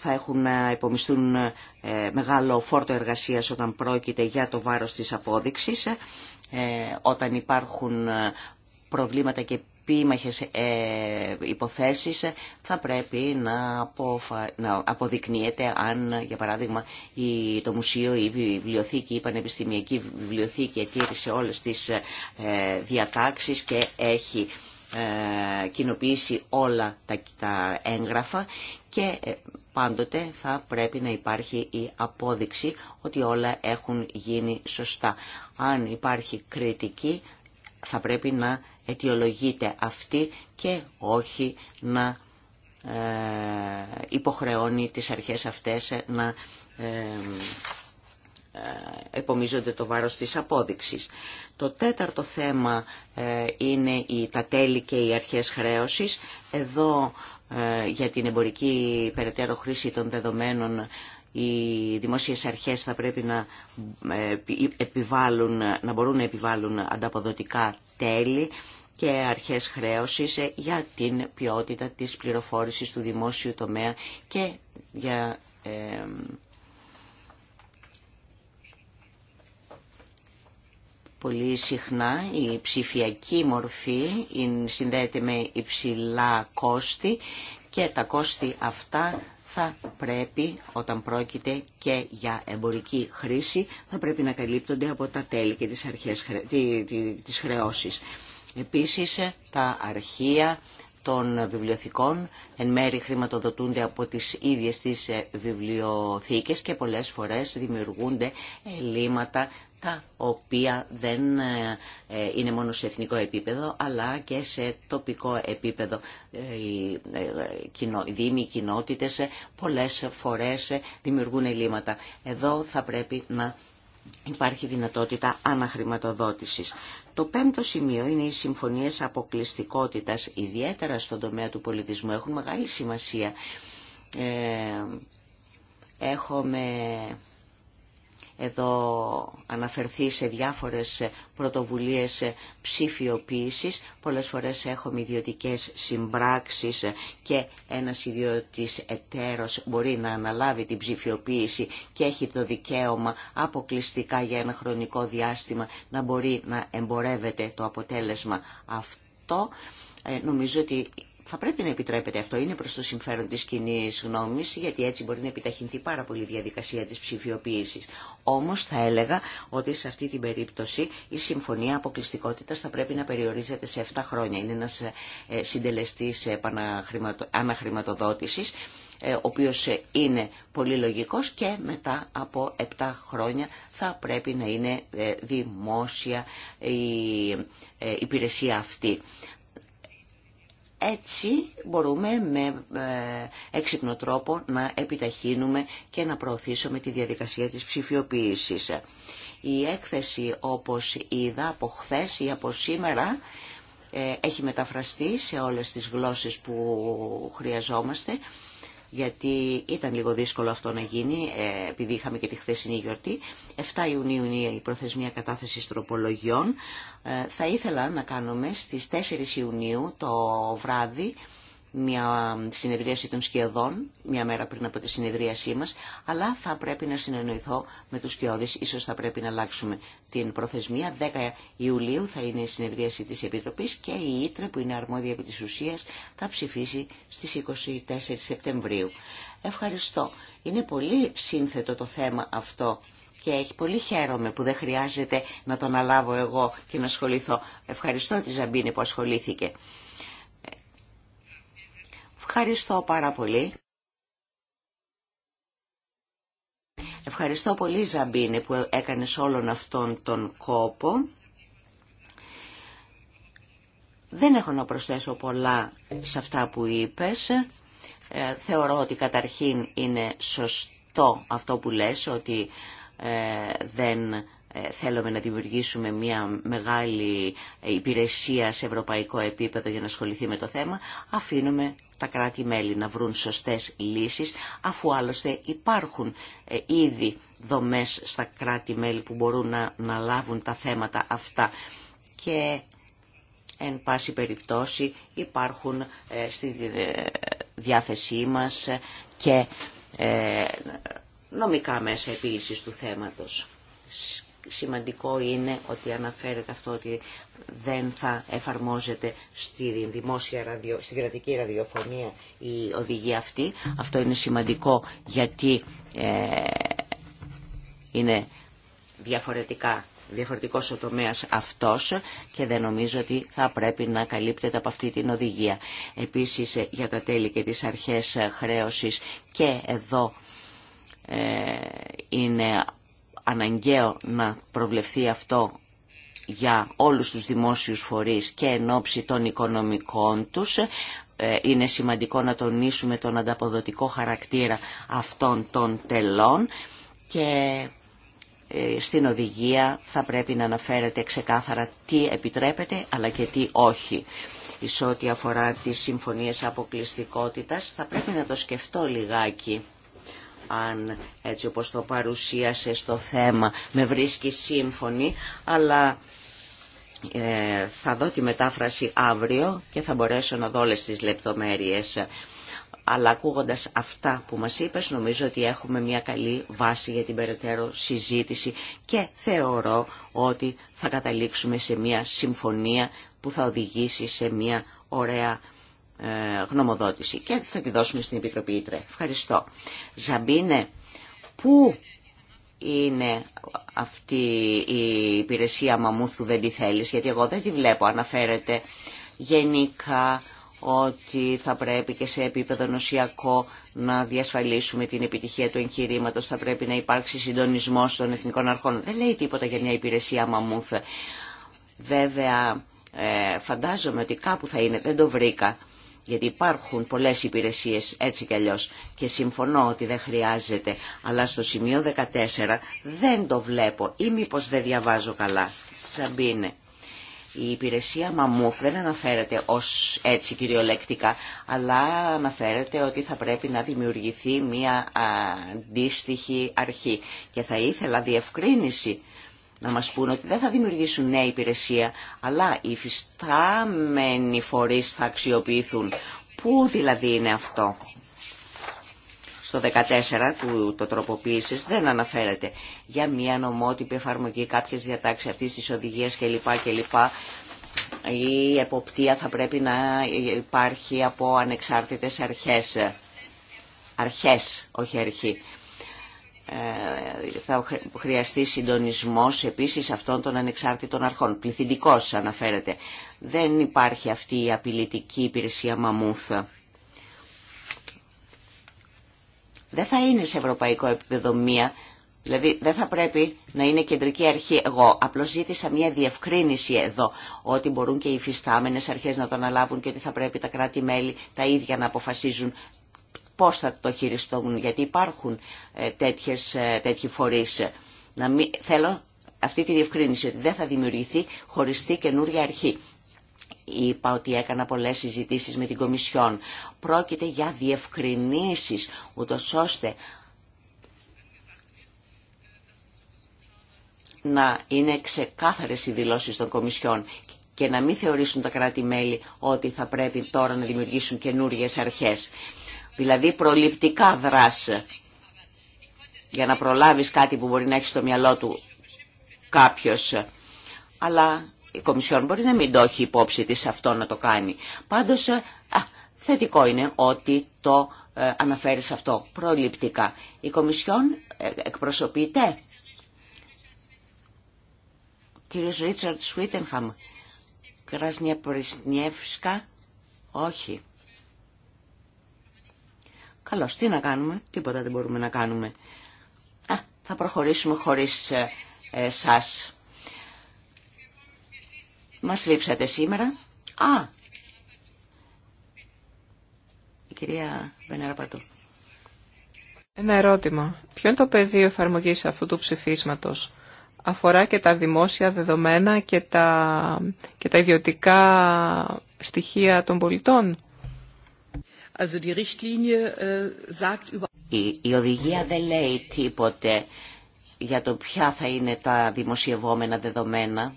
θα έχουν να υπομισθούν ε, μεγάλο φόρτο εργασίας όταν πρόκειται για το βάρος της απόδειξης, ε, όταν υπάρχουν προβλήματα και επίμαχες υποθέσεις θα πρέπει να, να αποδεικνύεται αν για παράδειγμα η... το μουσείο ή η βιβλιοθήκη, πανεπιστημιακή βιβλιοθήκη ετήρησε όλες τις διατάξεις και έχει ε, κοινοποιήσει όλα τα έγγραφα και ε, πάντοτε θα πρέπει να υπάρχει η απόδειξη ότι όλα έχουν γίνει σωστά. Αν υπάρχει κριτική θα πρέπει να αιτιολογείται αυτή και όχι να ε, υποχρεώνει τις αρχές αυτές να ε, επομίζονται το βάρος της απόδειξης. Το τέταρτο θέμα ε, είναι τα τέλη και οι αρχές χρέωσης. Εδώ ε, για την εμπορική περαιτέρω χρήση των δεδομένων οι δημόσιες αρχές θα πρέπει να, επιβάλλουν, να μπορούν να επιβάλλουν ανταποδοτικά τέλη και αρχές χρέωσης για την ποιότητα της πληροφόρησης του δημόσιου τομέα και για Πολύ συχνά η ψηφιακή μορφή συνδέεται με υψηλά κόστη και τα κόστη αυτά θα πρέπει όταν πρόκειται και για εμπορική χρήση θα πρέπει να καλύπτονται από τα τέλη και τις, αρχές, τις χρεώσεις. Επίσης τα αρχεία των βιβλιοθηκών εν μέρη χρηματοδοτούνται από τις ίδιες τις ε, βιβλιοθήκες και πολλές φορές δημιουργούνται ελλείμματα τα οποία δεν ε, ε, είναι μόνο σε εθνικό επίπεδο, αλλά και σε τοπικό επίπεδο. Ε, οι δήμοι, οι κοινότητες, πολλές φορές δημιουργούν ελλείμματα. Εδώ θα πρέπει να υπάρχει δυνατότητα αναχρηματοδότησης. Το πέμπτο σημείο είναι οι συμφωνίες αποκλειστικότητας, ιδιαίτερα στον τομέα του πολιτισμού. Έχουν μεγάλη σημασία. Ε, έχουμε εδώ αναφερθεί σε διάφορες πρωτοβουλίες ψηφιοποίησης. Πολλές φορές έχουμε ιδιωτικέ συμπράξεις και ένας ιδιώτης εταίρος μπορεί να αναλάβει την ψηφιοποίηση και έχει το δικαίωμα αποκλειστικά για ένα χρονικό διάστημα να μπορεί να εμπορεύεται το αποτέλεσμα αυτό. Ε, νομίζω ότι θα πρέπει να επιτρέπεται αυτό, είναι προς το συμφέρον της κοινή γνώμης, γιατί έτσι μπορεί να επιταχυνθεί πάρα πολύ η διαδικασία της ψηφιοποίησης. Όμως θα έλεγα ότι σε αυτή την περίπτωση η συμφωνία αποκλειστικότητας θα πρέπει να περιορίζεται σε 7 χρόνια. Είναι ένας ε, συντελεστής αναχρηματοδότησης, ε, ο οποίος ε, είναι πολύ λογικός και μετά από 7 χρόνια θα πρέπει να είναι δημόσια η υπηρεσία αυτή. Έτσι μπορούμε με ε, έξυπνο τρόπο να επιταχύνουμε και να προωθήσουμε τη διαδικασία της ψηφιοποίησης. Η έκθεση όπως είδα από χθε ή από σήμερα ε, έχει μεταφραστεί σε όλες τις γλώσσες που χρειαζόμαστε γιατί ήταν λίγο δύσκολο αυτό να γίνει, ε, επειδή είχαμε και τη χθεσινή γιορτή. 7 Ιουνίου είναι η προθεσμία κατάθεση τροπολογιών. Ε, θα ήθελα να κάνουμε στις 4 Ιουνίου το βράδυ μια συνεδρίαση των σκιωδών, μια μέρα πριν από τη συνεδρίασή μας, αλλά θα πρέπει να συνεννοηθώ με τους σκιώδεις, ίσως θα πρέπει να αλλάξουμε την προθεσμία. 10 Ιουλίου θα είναι η συνεδρίαση της Επιτροπής και η Ήτρε που είναι αρμόδια επί της ουσίας θα ψηφίσει στις 24 Σεπτεμβρίου. Ευχαριστώ. Είναι πολύ σύνθετο το θέμα αυτό και έχει πολύ χαίρομαι που δεν χρειάζεται να τον αλάβω εγώ και να ασχοληθώ. Ευχαριστώ τη Ζαμπίνη που ασχολήθηκε. Ευχαριστώ πάρα πολύ. Ευχαριστώ πολύ Ζαμπίνη που έκανε όλον αυτόν τον κόπο. Δεν έχω να προσθέσω πολλά σε αυτά που είπες. Ε, θεωρώ ότι καταρχήν είναι σωστό αυτό που λες, ότι ε, δεν ε, θέλουμε να δημιουργήσουμε μια μεγάλη υπηρεσία σε ευρωπαϊκό επίπεδο για να ασχοληθεί με το θέμα, αφήνουμε τα κράτη-μέλη να βρουν σωστές λύσεις, αφού άλλωστε υπάρχουν ε, ήδη δομές στα κράτη-μέλη που μπορούν να, λάβουν τα θέματα αυτά. Και εν πάση περιπτώσει υπάρχουν ε, στη διάθεσή μας και νομικά μέσα επίλυσης του θέματος σημαντικό είναι ότι αναφέρεται αυτό ότι δεν θα εφαρμόζεται στη δημόσια ραδιο, στην κρατική ραδιοφωνία η οδηγία αυτή. Αυτό είναι σημαντικό γιατί ε, είναι διαφορετικά διαφορετικός ο τομέας αυτός και δεν νομίζω ότι θα πρέπει να καλύπτεται από αυτή την οδηγία. Επίσης ε, για τα τέλη και τις αρχές ε, χρέωσης και εδώ είναι αναγκαίο να προβλεφθεί αυτό για όλους τους δημόσιους φορείς και εν ώψη των οικονομικών τους. Ε, είναι σημαντικό να τονίσουμε τον ανταποδοτικό χαρακτήρα αυτών των τελών και ε, στην οδηγία θα πρέπει να αναφέρεται ξεκάθαρα τι επιτρέπεται αλλά και τι όχι. Σε ό,τι αφορά τις συμφωνίες αποκλειστικότητας θα πρέπει να το σκεφτώ λιγάκι αν έτσι όπως το παρουσίασε στο θέμα με βρίσκει σύμφωνη, αλλά ε, θα δω τη μετάφραση αύριο και θα μπορέσω να δω όλες τις λεπτομέρειες. Αλλά ακούγοντα αυτά που μας είπες, νομίζω ότι έχουμε μια καλή βάση για την περαιτέρω συζήτηση και θεωρώ ότι θα καταλήξουμε σε μια συμφωνία που θα οδηγήσει σε μια ωραία ε, γνωμοδότηση και θα τη δώσουμε στην Επιτροπή Ήτρε. Ευχαριστώ. Ζαμπίνε, πού είναι αυτή η υπηρεσία μαμούθου δεν τη θέλεις, γιατί εγώ δεν τη βλέπω, αναφέρεται γενικά ότι θα πρέπει και σε επίπεδο νοσιακό να διασφαλίσουμε την επιτυχία του εγχειρήματος, θα πρέπει να υπάρξει συντονισμός των εθνικών αρχών. Δεν λέει τίποτα για μια υπηρεσία μαμούθ. Βέβαια, ε, φαντάζομαι ότι κάπου θα είναι, δεν το βρήκα γιατί υπάρχουν πολλές υπηρεσίες έτσι κι αλλιώς και συμφωνώ ότι δεν χρειάζεται, αλλά στο σημείο 14 δεν το βλέπω ή μήπως δεν διαβάζω καλά. Σαμπίνε. Η υπηρεσία Μαμούφ δεν αναφέρεται ως έτσι κυριολεκτικά, αλλά αναφέρεται ότι θα πρέπει να δημιουργηθεί μια αντίστοιχη αρχή. Και θα ήθελα διευκρίνηση να μας πούν ότι δεν θα δημιουργήσουν νέα υπηρεσία, αλλά οι φυστάμενοι φορείς θα αξιοποιηθούν. Πού δηλαδή είναι αυτό. Στο 14 του το τροποποίησης δεν αναφέρεται για μια νομότυπη εφαρμογή κάποιες διατάξεις αυτής της οδηγίας κλπ. κλπ. Η εποπτεία θα πρέπει να υπάρχει από ανεξάρτητες αρχές. Αρχές, όχι αρχή. Ε, θα χρειαστεί συντονισμός επίσης αυτών των ανεξάρτητων αρχών. Πληθυντικός αναφέρεται. Δεν υπάρχει αυτή η απειλητική υπηρεσία μαμούθα. Δεν θα είναι σε ευρωπαϊκό επίπεδο μία, δηλαδή δεν θα πρέπει να είναι κεντρική αρχή. Εγώ απλώς ζήτησα μια διευκρίνηση εδώ, ότι μπορούν και οι φυστάμενες αρχές να το αναλάβουν και ότι θα πρέπει τα κράτη-μέλη τα ίδια να αποφασίζουν πώς θα το χειριστούν, γιατί υπάρχουν ε, τέτοιες, ε, τέτοιοι φορείς. Να θέλω αυτή τη διευκρίνηση, ότι δεν θα δημιουργηθεί χωριστή καινούργια αρχή. Είπα ότι έκανα πολλές συζητήσεις με την Κομισιόν. Πρόκειται για διευκρινήσεις, ούτως ώστε να είναι ξεκάθαρες οι δηλώσεις των Κομισιόν και να μην θεωρήσουν τα κράτη-μέλη ότι θα πρέπει τώρα να δημιουργήσουν καινούριε αρχές. Δηλαδή προληπτικά δράσε για να προλάβεις κάτι που μπορεί να έχει στο μυαλό του κάποιος. Αλλά η Κομισιόν μπορεί να μην το έχει υπόψη της αυτό να το κάνει. Πάντως θετικό είναι ότι το ε, αναφέρει αυτό προληπτικά. Η Κομισιόν ε, εκπροσωπείται. Ο κύριος Ρίτσαρτ Σουίτενχαμ. Πρισνιεύσκα. Όχι. Καλώς, τι να κάνουμε, τίποτα δεν μπορούμε να κάνουμε. Α, θα προχωρήσουμε χωρίς ε, ε, σας. Μας λείψατε σήμερα. Α, η κυρία Βενέρα Πατού. Ένα ερώτημα. Ποιο είναι το πεδίο εφαρμογής αυτού του ψηφίσματος. Αφορά και τα δημόσια δεδομένα και τα, και τα ιδιωτικά στοιχεία των πολιτών. Äh, η, οδηγία δεν λέει τίποτε για το ποια θα είναι τα δημοσιευόμενα δεδομένα.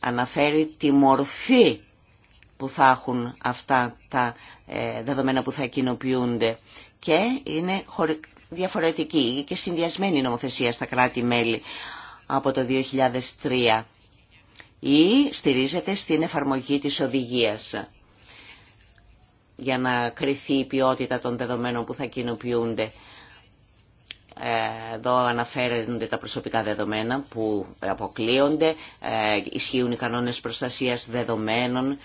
Αναφέρει τη μορφή που θα έχουν αυτά τα ε, δεδομένα που θα κοινοποιούνται και είναι διαφορετική και συνδυασμένη η νομοθεσία στα κράτη-μέλη από το 2003 ή στηρίζεται στην εφαρμογή της οδηγίας για να κριθεί η ποιότητα των δεδομένων που θα κοινοποιούνται. Ε, εδώ αναφέρονται τα προσωπικά δεδομένα που αποκλείονται, ε, ισχύουν οι κανόνες προστασίας δεδομένων,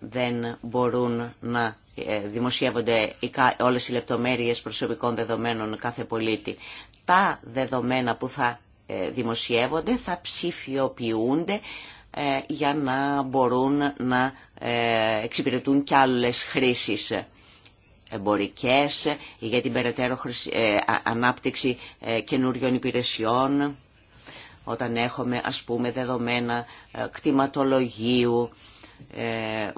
δεν μπορούν να ε, δημοσιεύονται όλες οι λεπτομέρειες προσωπικών δεδομένων κάθε πολίτη. Τα δεδομένα που θα δημοσιεύονται θα ψηφιοποιούνται ε, για να μπορούν να ε, εξυπηρετούν κι άλλες χρήσεις εμπορικές για την περαιτέρω ε, ανάπτυξη καινούριων υπηρεσιών όταν έχουμε ας πούμε δεδομένα κτηματολογίου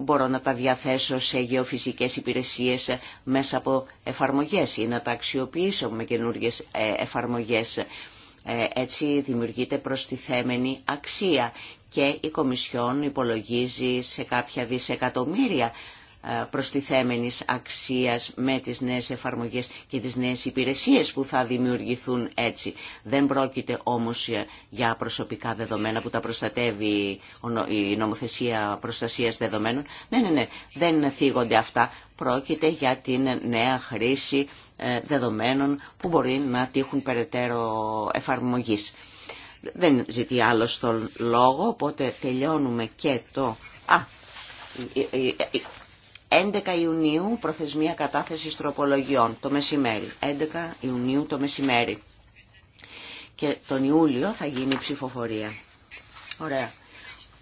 μπορώ να τα διαθέσω σε γεωφυσικές υπηρεσίες μέσα από εφαρμογές ή να τα αξιοποιήσω με καινούργιες εφαρμογές. Έτσι δημιουργείται προστιθέμενη αξία και η Κομισιόν υπολογίζει σε κάποια δισεκατομμύρια ε, προστιθέμενης αξίας με τις νέες εφαρμογές και τις νέες υπηρεσίες που θα δημιουργηθούν έτσι. Δεν πρόκειται όμως για προσωπικά δεδομένα που τα προστατεύει η νομοθεσία προστασίας δεδομένων. Ναι, ναι, ναι, δεν θίγονται αυτά. Πρόκειται για την νέα χρήση ε, δεδομένων που μπορεί να τύχουν περαιτέρω εφαρμογής. Δεν ζητεί άλλο τον λόγο, οπότε τελειώνουμε και το... Α, 11 Ιουνίου προθεσμία κατάθεση τροπολογιών, το μεσημέρι. 11 Ιουνίου το μεσημέρι. Και τον Ιούλιο θα γίνει ψηφοφορία. Ωραία.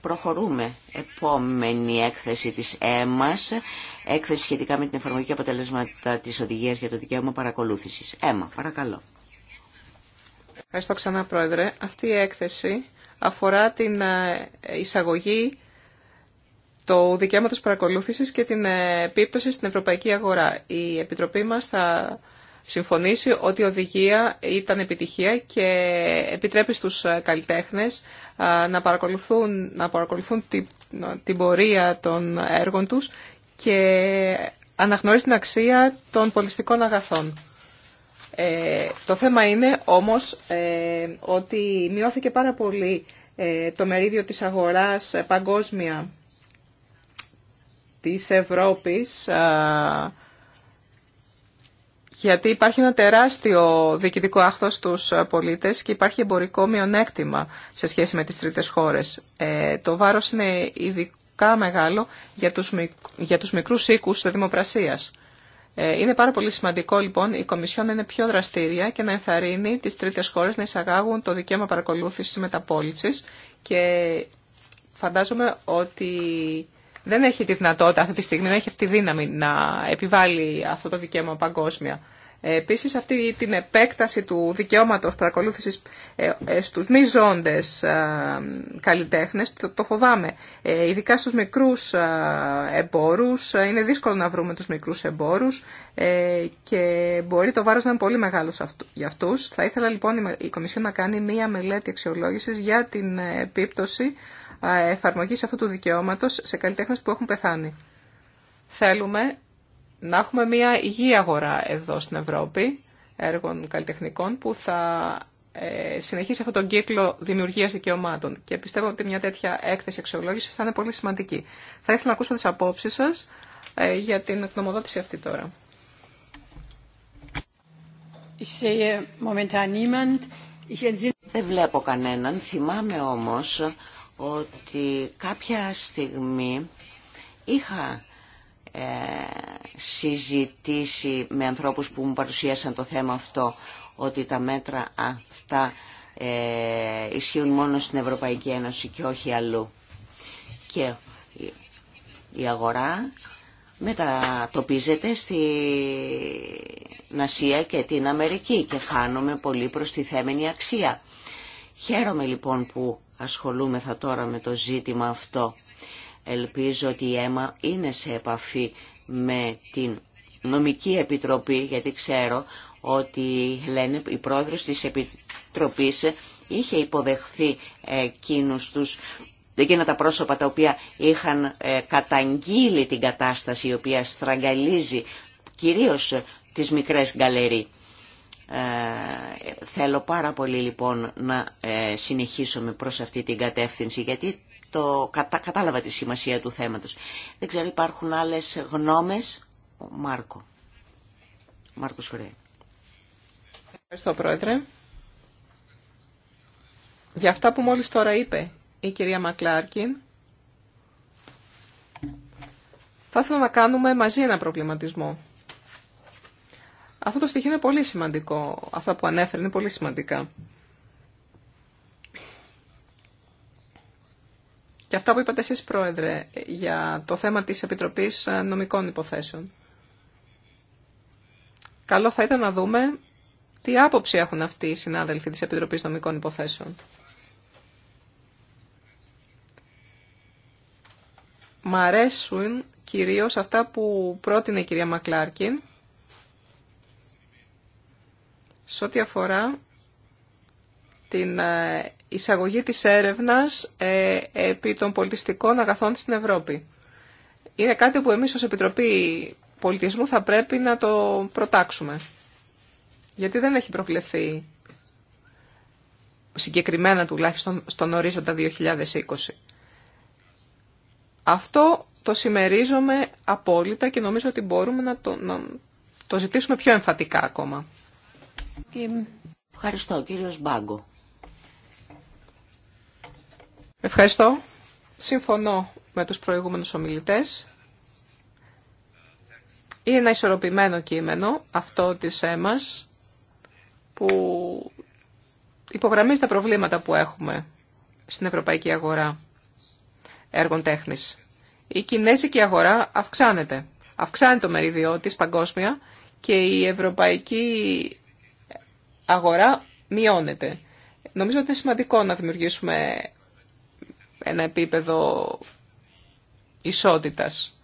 Προχωρούμε. Επόμενη έκθεση της ΕΜΑΣ, έκθεση σχετικά με την εφαρμογή αποτελέσματα της οδηγίας για το δικαίωμα παρακολούθησης. ΕΜΑ, παρακαλώ. Ευχαριστώ ξανά, Πρόεδρε. Αυτή η έκθεση αφορά την ε, εισαγωγή του δικαίωματος παρακολούθησης και την ε, επίπτωση στην ευρωπαϊκή αγορά. Η Επιτροπή μας θα συμφωνήσει ότι η οδηγία ήταν επιτυχία και επιτρέπει στους ε, καλλιτέχνες να παρακολουθούν, να παρακολουθούν την, την πορεία των έργων τους και αναγνωρίζει την αξία των πολιστικών αγαθών. Ε, το θέμα είναι όμως ε, ότι μειώθηκε πάρα πολύ ε, το μερίδιο της αγοράς ε, παγκόσμια της Ευρώπης γιατί υπάρχει ένα τεράστιο διοικητικό άχθος στους ε, πολίτες και υπάρχει εμπορικό μειονέκτημα σε σχέση με τις τρίτες χώρες. το βάρος είναι ειδικά μεγάλο για τους, για τους μικρούς οίκους δημοπρασίας. Ε, είναι πάρα πολύ σημαντικό λοιπόν η Κομισιόν να είναι πιο δραστήρια και να ενθαρρύνει τις τρίτες χώρες να εισαγάγουν το δικαίωμα παρακολούθησης μεταπόλησης και φαντάζομαι ότι δεν έχει τη δυνατότητα αυτή τη στιγμή, δεν έχει αυτή τη δύναμη να επιβάλλει αυτό το δικαίωμα παγκόσμια. Ε, επίσης αυτή την επέκταση του δικαιώματος παρακολούθησης ε, ε, στους μη ζώντες καλλιτέχνες το φοβάμαι. Ειδικά στους μικρούς εμπόρους είναι δύσκολο να βρούμε τους μικρούς εμπόρους και μπορεί το βάρος να είναι πολύ μεγάλο για αυτούς. Θα ήθελα λοιπόν η Κομισιόν να κάνει μία μελέτη αξιολόγηση για την επίπτωση εφαρμογής αυτού του δικαιώματος σε καλλιτέχνες που έχουν πεθάνει. Θέλουμε να έχουμε μια υγιή αγορά εδώ στην Ευρώπη έργων καλλιτεχνικών που θα ε, συνεχίσει αυτόν τον κύκλο δημιουργίας δικαιωμάτων. Και πιστεύω ότι μια τέτοια έκθεση αξιολόγηση θα είναι πολύ σημαντική. Θα ήθελα να ακούσω τις απόψεις σας ε, για την εκνομοδότηση αυτή τώρα. Δεν βλέπω κανέναν. Θυμάμαι όμως ότι κάποια στιγμή είχα ε, συζητήσει με ανθρώπους που μου παρουσίασαν το θέμα αυτό ότι τα μέτρα αυτά ε, ισχύουν μόνο στην Ευρωπαϊκή Ένωση και όχι αλλού. Και η αγορά μετατοπίζεται στην Ασία και την Αμερική και χάνουμε πολύ τη θέμενη αξία. Χαίρομαι λοιπόν που ασχολούμεθα τώρα με το ζήτημα αυτό Ελπίζω ότι η ΕΜΑ είναι σε επαφή με την νομική επιτροπή, γιατί ξέρω ότι λένε η πρόεδρος της επιτροπής είχε υποδεχθεί εκείνους τους Εκείνα τα πρόσωπα τα οποία είχαν ε, καταγγείλει την κατάσταση η οποία στραγγαλίζει κυρίως τις μικρές γκαλερί. Ε, θέλω πάρα πολύ λοιπόν να ε, συνεχίσουμε προς αυτή την κατεύθυνση γιατί το, κατα, κατάλαβα τη σημασία του θέματος. Δεν ξέρω, υπάρχουν άλλες γνώμες. Ο Μάρκο. Ο Μάρκος Ευχαριστώ, Πρόεδρε. Για αυτά που μόλις τώρα είπε η κυρία Μακλάρκιν, θα ήθελα να κάνουμε μαζί ένα προβληματισμό. Αυτό το στοιχείο είναι πολύ σημαντικό. Αυτά που ανέφερε είναι πολύ σημαντικά. Και αυτά που είπατε εσείς, Πρόεδρε, για το θέμα της Επιτροπής Νομικών Υποθέσεων. Καλό θα ήταν να δούμε τι άποψη έχουν αυτοί οι συνάδελφοι της Επιτροπής Νομικών Υποθέσεων. Μ' αρέσουν κυρίως αυτά που πρότεινε η κυρία Μακλάρκιν σε ό,τι αφορά την ε, εισαγωγή της έρευνας ε, επί των πολιτιστικών αγαθών στην Ευρώπη. Είναι κάτι που εμείς ως Επιτροπή Πολιτισμού θα πρέπει να το προτάξουμε. Γιατί δεν έχει προβλεφθεί συγκεκριμένα τουλάχιστον στον ορίζοντα 2020. Αυτό το συμμερίζομαι απόλυτα και νομίζω ότι μπορούμε να το, να το ζητήσουμε πιο εμφατικά ακόμα. Ευχαριστώ κύριος Μπάγκο. Ευχαριστώ. Συμφωνώ με τους προηγούμενους ομιλητές. Είναι ένα ισορροπημένο κείμενο αυτό της ΕΜΑΣ που υπογραμμίζει τα προβλήματα που έχουμε στην ευρωπαϊκή αγορά έργων τέχνης. Η κινέζικη αγορά αυξάνεται. Αυξάνει το μερίδιό της παγκόσμια και η ευρωπαϊκή αγορά μειώνεται. Νομίζω ότι είναι σημαντικό να δημιουργήσουμε ένα επίπεδο ισότητας.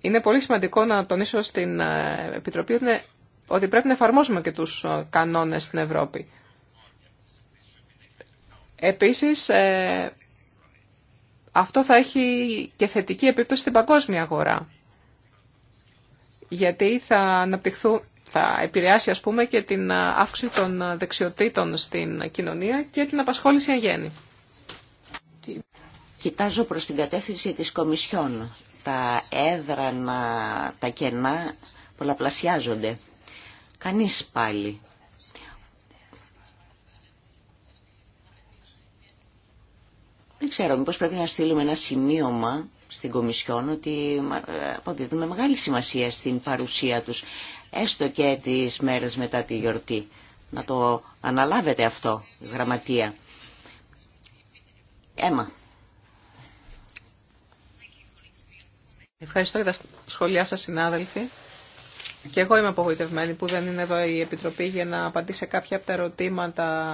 Είναι πολύ σημαντικό να τονίσω στην ε, Επιτροπή ότι πρέπει να εφαρμόσουμε και τους ε, κανόνες στην Ευρώπη. Επίσης, ε, αυτό θα έχει και θετική επίπτωση στην παγκόσμια αγορά. Γιατί θα αναπτυχθούν, θα επηρεάσει ας πούμε και την αύξηση των δεξιοτήτων στην κοινωνία και την απασχόληση εν γέννη. Κοιτάζω προς την κατεύθυνση της Κομισιόν. Τα έδρανα, τα κενά πολλαπλασιάζονται. Κανείς πάλι. Δεν ξέρω, μήπως πρέπει να στείλουμε ένα σημείωμα στην Κομισιόν ότι αποδίδουμε μεγάλη σημασία στην παρουσία τους, έστω και τις μέρες μετά τη γιορτή. Να το αναλάβετε αυτό, γραμματεία. Έμα, Ευχαριστώ για τα σχόλιά σας συνάδελφοι. Και εγώ είμαι απογοητευμένη που δεν είναι εδώ η Επιτροπή για να απαντήσει σε κάποια από τα ερωτήματα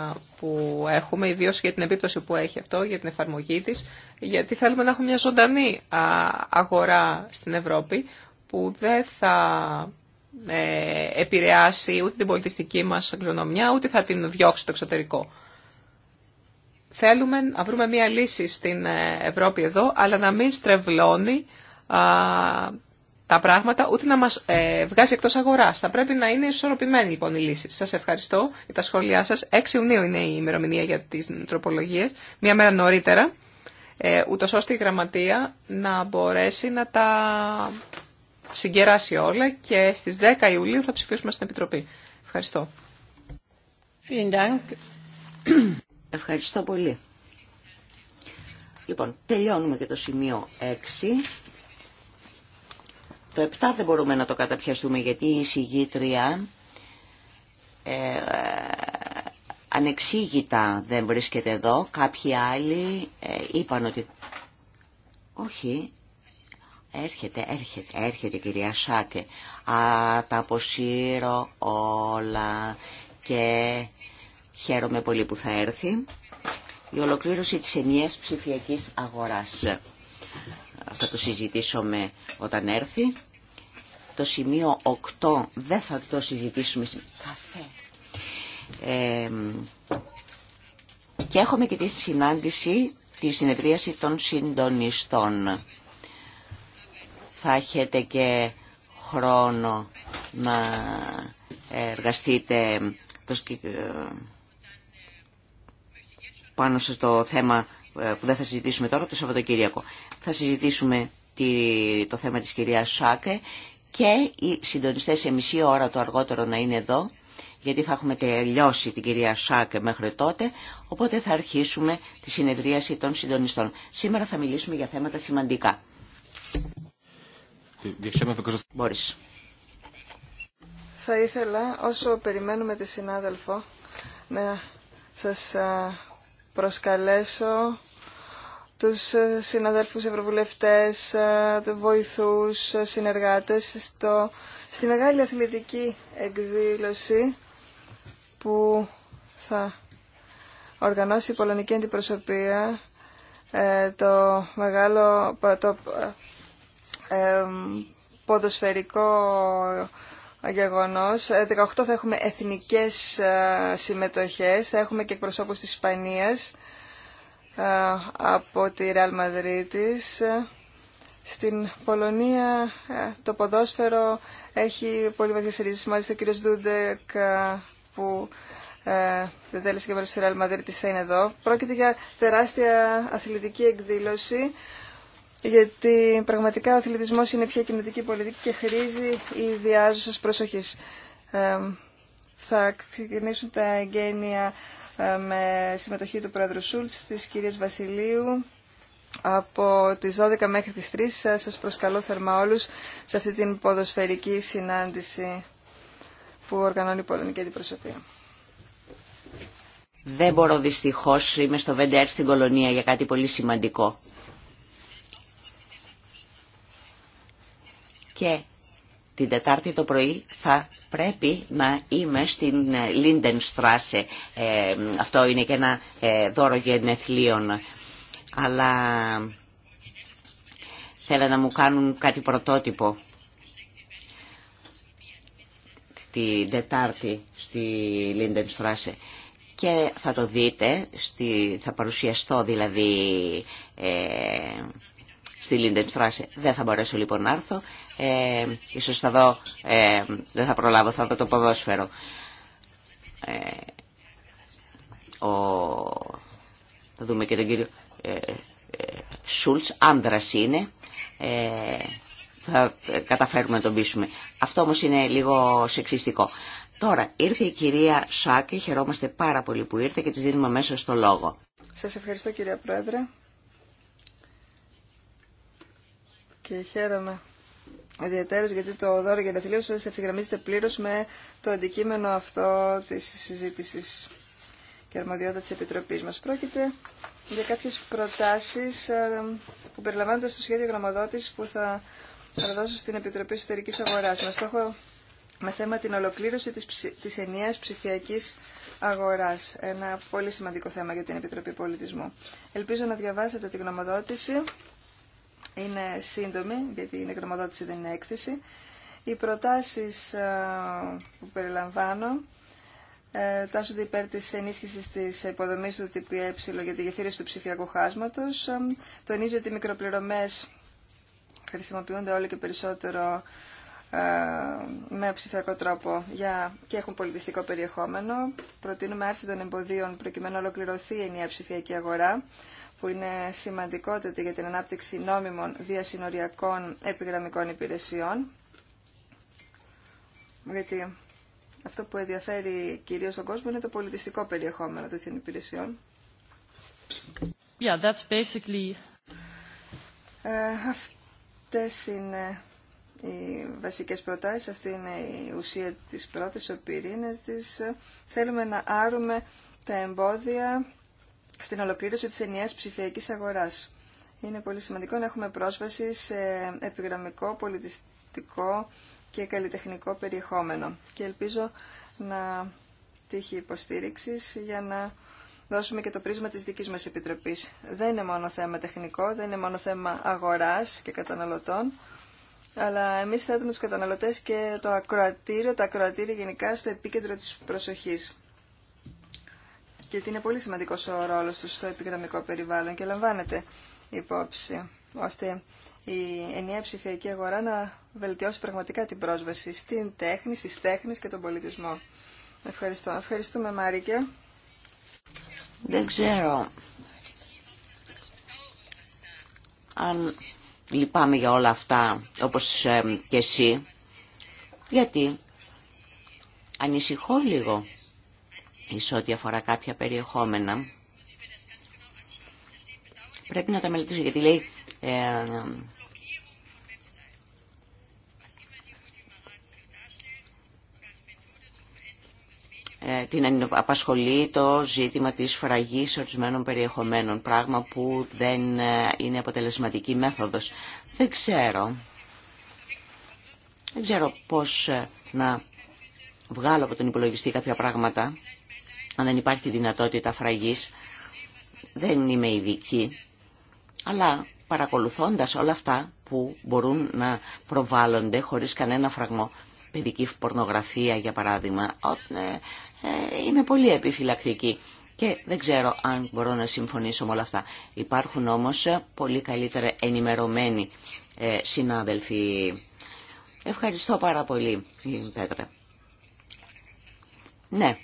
που έχουμε, ιδίω για την επίπτωση που έχει αυτό, για την εφαρμογή της, γιατί θέλουμε να έχουμε μια ζωντανή αγορά στην Ευρώπη που δεν θα ε, επηρεάσει ούτε την πολιτιστική μας κληρονομιά, ούτε θα την διώξει το εξωτερικό. Θέλουμε να βρούμε μια λύση στην ε, Ευρώπη εδώ, αλλά να μην στρεβλώνει τα πράγματα, ούτε να μας ε, βγάζει εκτός αγοράς. Θα πρέπει να είναι ισορροπημένη λοιπόν η λύση. Σας ευχαριστώ για τα σχόλιά σας. 6 Ιουνίου είναι η ημερομηνία για τις τροπολογίες, μία μέρα νωρίτερα, ε, ούτως ώστε η γραμματεία να μπορέσει να τα συγκεράσει όλα και στις 10 Ιουλίου θα ψηφίσουμε στην Επιτροπή. Ευχαριστώ. Ευχαριστώ πολύ. Λοιπόν, τελειώνουμε και το σημείο 6. Το 7 δεν μπορούμε να το καταπιαστούμε γιατί η συγγήτρια ε, ανεξήγητα δεν βρίσκεται εδώ. Κάποιοι άλλοι ε, είπαν ότι... Όχι, έρχεται, έρχεται, έρχεται κυρία Σάκε. Α, τα αποσύρω όλα και χαίρομαι πολύ που θα έρθει. Η ολοκλήρωση της ενιαίας ψηφιακής αγοράς. Θα το συζητήσουμε όταν έρθει το σημείο 8 δεν θα το συζητήσουμε Καφέ. και έχουμε και τη συνάντηση, τη συνεδρίαση των συντονιστών. Θα έχετε και χρόνο να εργαστείτε το πάνω στο θέμα ε, που δεν θα συζητήσουμε τώρα, το Σαββατοκύριακο. Θα συζητήσουμε το θέμα της κυρίας Σάκε και οι συντονιστές σε μισή ώρα το αργότερο να είναι εδώ, γιατί θα έχουμε τελειώσει την κυρία Σάκε μέχρι τότε, οπότε θα αρχίσουμε τη συνεδρίαση των συντονιστών. Σήμερα θα μιλήσουμε για θέματα σημαντικά. Θα ήθελα, όσο περιμένουμε τη συνάδελφο, να σας προσκαλέσω τους ε, συναδέλφους ευρωβουλευτές, ε, βοηθούς, ε, συνεργάτες στο, στη μεγάλη αθλητική εκδήλωση που θα οργανώσει η Πολωνική Αντιπροσωπεία το μεγάλο το, ε, ποδοσφαιρικό γεγονός. 18 θα έχουμε εθνικές συμμετοχές, θα έχουμε και εκπροσώπους της Ισπανίας. Ε, από τη Ρεάλ Μαδρίτης. Ε, στην Πολωνία ε, το ποδόσφαιρο έχει πολύ βαθιές ρίζες. Μάλιστα ο κύριος Ντούντεκ που δεν θέλει και μέρος της Ρεάλ Μαδρίτης θα είναι εδώ. Πρόκειται για τεράστια αθλητική εκδήλωση γιατί πραγματικά ο αθλητισμός είναι πια κοινωτική πολιτική και χρήζει η διάζουσας προσοχής. θα ξεκινήσουν τα εγγένεια ε, με συμμετοχή του Πρόεδρου Σούλτς, της κυρίας Βασιλείου. Από τις 12 μέχρι τις 3 ε, σας προσκαλώ θερμά όλους σε αυτή την ποδοσφαιρική συνάντηση που οργανώνει η Πολωνική Αντιπροσωπεία. Δεν μπορώ δυστυχώς, είμαι στο Βεντέρ στην Κολονία για κάτι πολύ σημαντικό. Και την Τετάρτη το πρωί θα πρέπει να είμαι στην Λίντενστράσε. Ε, αυτό είναι και ένα ε, δώρο γενεθλίων. Αλλά θέλω να μου κάνουν κάτι πρωτότυπο την Τετάρτη στη Λίντενστράσε. Και θα το δείτε, στη, θα παρουσιαστώ δηλαδή ε, στη Λίντενστράσε. Δεν θα μπορέσω λοιπόν να έρθω ε, ίσως θα δω, ε, δεν θα προλάβω, θα δω το ποδόσφαιρο. Ε, ο, θα δούμε και τον κύριο ε, ε Σούλτς, είναι, θα καταφέρουμε να τον πείσουμε. Αυτό όμως είναι λίγο σεξιστικό. Τώρα, ήρθε η κυρία Σάκη, χαιρόμαστε πάρα πολύ που ήρθε και της δίνουμε μέσα στο λόγο. Σας ευχαριστώ κυρία Πρόεδρε. Και χαίρομαι ιδιαίτερες γιατί το δώρο για θελήσω σας ευθυγραμμίζεται πλήρως με το αντικείμενο αυτό της συζήτησης και αρμοδιότητα της Επιτροπής μας. Πρόκειται για κάποιες προτάσεις ε, που περιλαμβάνονται στο σχέδιο γραμμαδότης που θα δώσω στην Επιτροπή Εσωτερικής Αγοράς. Με στόχο με θέμα την ολοκλήρωση της, της ενιαίας ψηφιακής αγοράς. Ένα πολύ σημαντικό θέμα για την Επιτροπή Πολιτισμού. Ελπίζω να διαβάσετε τη γνωμοδότηση είναι σύντομη, γιατί είναι γνωμοδότηση δεν είναι έκθεση. Οι προτάσεις ε, που περιλαμβάνω ε, τάσσονται υπέρ τη ενίσχυση τη υποδομή του ΤΠΕ για τη διαχείριση του ψηφιακού χάσματο. Ε, τονίζει ότι οι μικροπληρωμέ χρησιμοποιούνται όλο και περισσότερο με ψηφιακό τρόπο για, και έχουν πολιτιστικό περιεχόμενο. Προτείνουμε άρση των εμποδίων προκειμένου να ολοκληρωθεί η ενιαία ψηφιακή αγορά που είναι σημαντικότητα για την ανάπτυξη νόμιμων διασυνοριακών επιγραμμικών υπηρεσιών. Γιατί αυτό που ενδιαφέρει κυρίως τον κόσμο είναι το πολιτιστικό περιεχόμενο τέτοιων υπηρεσιών. Yeah, that's basically... Ε, αυτές είναι οι βασικές προτάσεις, αυτή είναι η ουσία της πρώτης, ο πυρήνας της. Θέλουμε να άρουμε τα εμπόδια στην ολοκλήρωση της ενιαίας ψηφιακής αγοράς. Είναι πολύ σημαντικό να έχουμε πρόσβαση σε επιγραμμικό, πολιτιστικό και καλλιτεχνικό περιεχόμενο και ελπίζω να τύχει υποστήριξη για να δώσουμε και το πρίσμα της δικής μας Επιτροπής. Δεν είναι μόνο θέμα τεχνικό, δεν είναι μόνο θέμα αγοράς και καταναλωτών, αλλά εμείς θέτουμε τους καταναλωτές και το ακροατήριο, τα ακροατήρια γενικά στο επίκεντρο της προσοχής γιατί είναι πολύ σημαντικό ο ρόλο του στο επικραμμικό περιβάλλον και λαμβάνεται υπόψη, ώστε η ενιαία ψηφιακή αγορά να βελτιώσει πραγματικά την πρόσβαση στην τέχνη, στις τέχνες και τον πολιτισμό. Ευχαριστώ. Ευχαριστούμε Μάρικε. Δεν ξέρω αν λυπάμαι για όλα αυτά, όπως ε, και εσύ, γιατί ανησυχώ λίγο σε ό,τι αφορά κάποια περιεχόμενα. Πρέπει να τα μελετήσω γιατί λέει ε, ε την απασχολεί το ζήτημα της φραγής ορισμένων περιεχομένων, πράγμα που δεν ε, είναι αποτελεσματική μέθοδος. Δεν ξέρω, δεν ξέρω πώς ε, να βγάλω από τον υπολογιστή κάποια πράγματα αν δεν υπάρχει δυνατότητα φραγής. Δεν είμαι ειδική, αλλά παρακολουθώντας όλα αυτά που μπορούν να προβάλλονται χωρίς κανένα φραγμό, παιδική πορνογραφία για παράδειγμα, ναι, ε, είμαι πολύ επιφυλακτική και δεν ξέρω αν μπορώ να συμφωνήσω με όλα αυτά. Υπάρχουν όμως πολύ καλύτερα ενημερωμένοι ε, συνάδελφοι. Ευχαριστώ πάρα πολύ, Πέτρα. Ναι,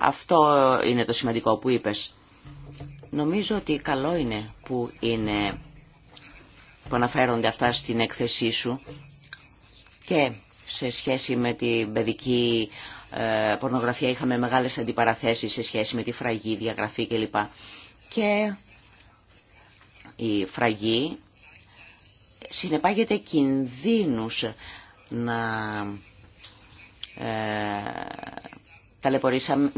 αυτό είναι το σημαντικό που είπες. Νομίζω ότι καλό είναι που, είναι, που αναφέρονται αυτά στην έκθεσή σου και σε σχέση με την παιδική ε, πορνογραφία είχαμε μεγάλες αντιπαραθέσεις σε σχέση με τη φραγή, διαγραφή κλπ. Και η φραγή συνεπάγεται κινδύνους να ε,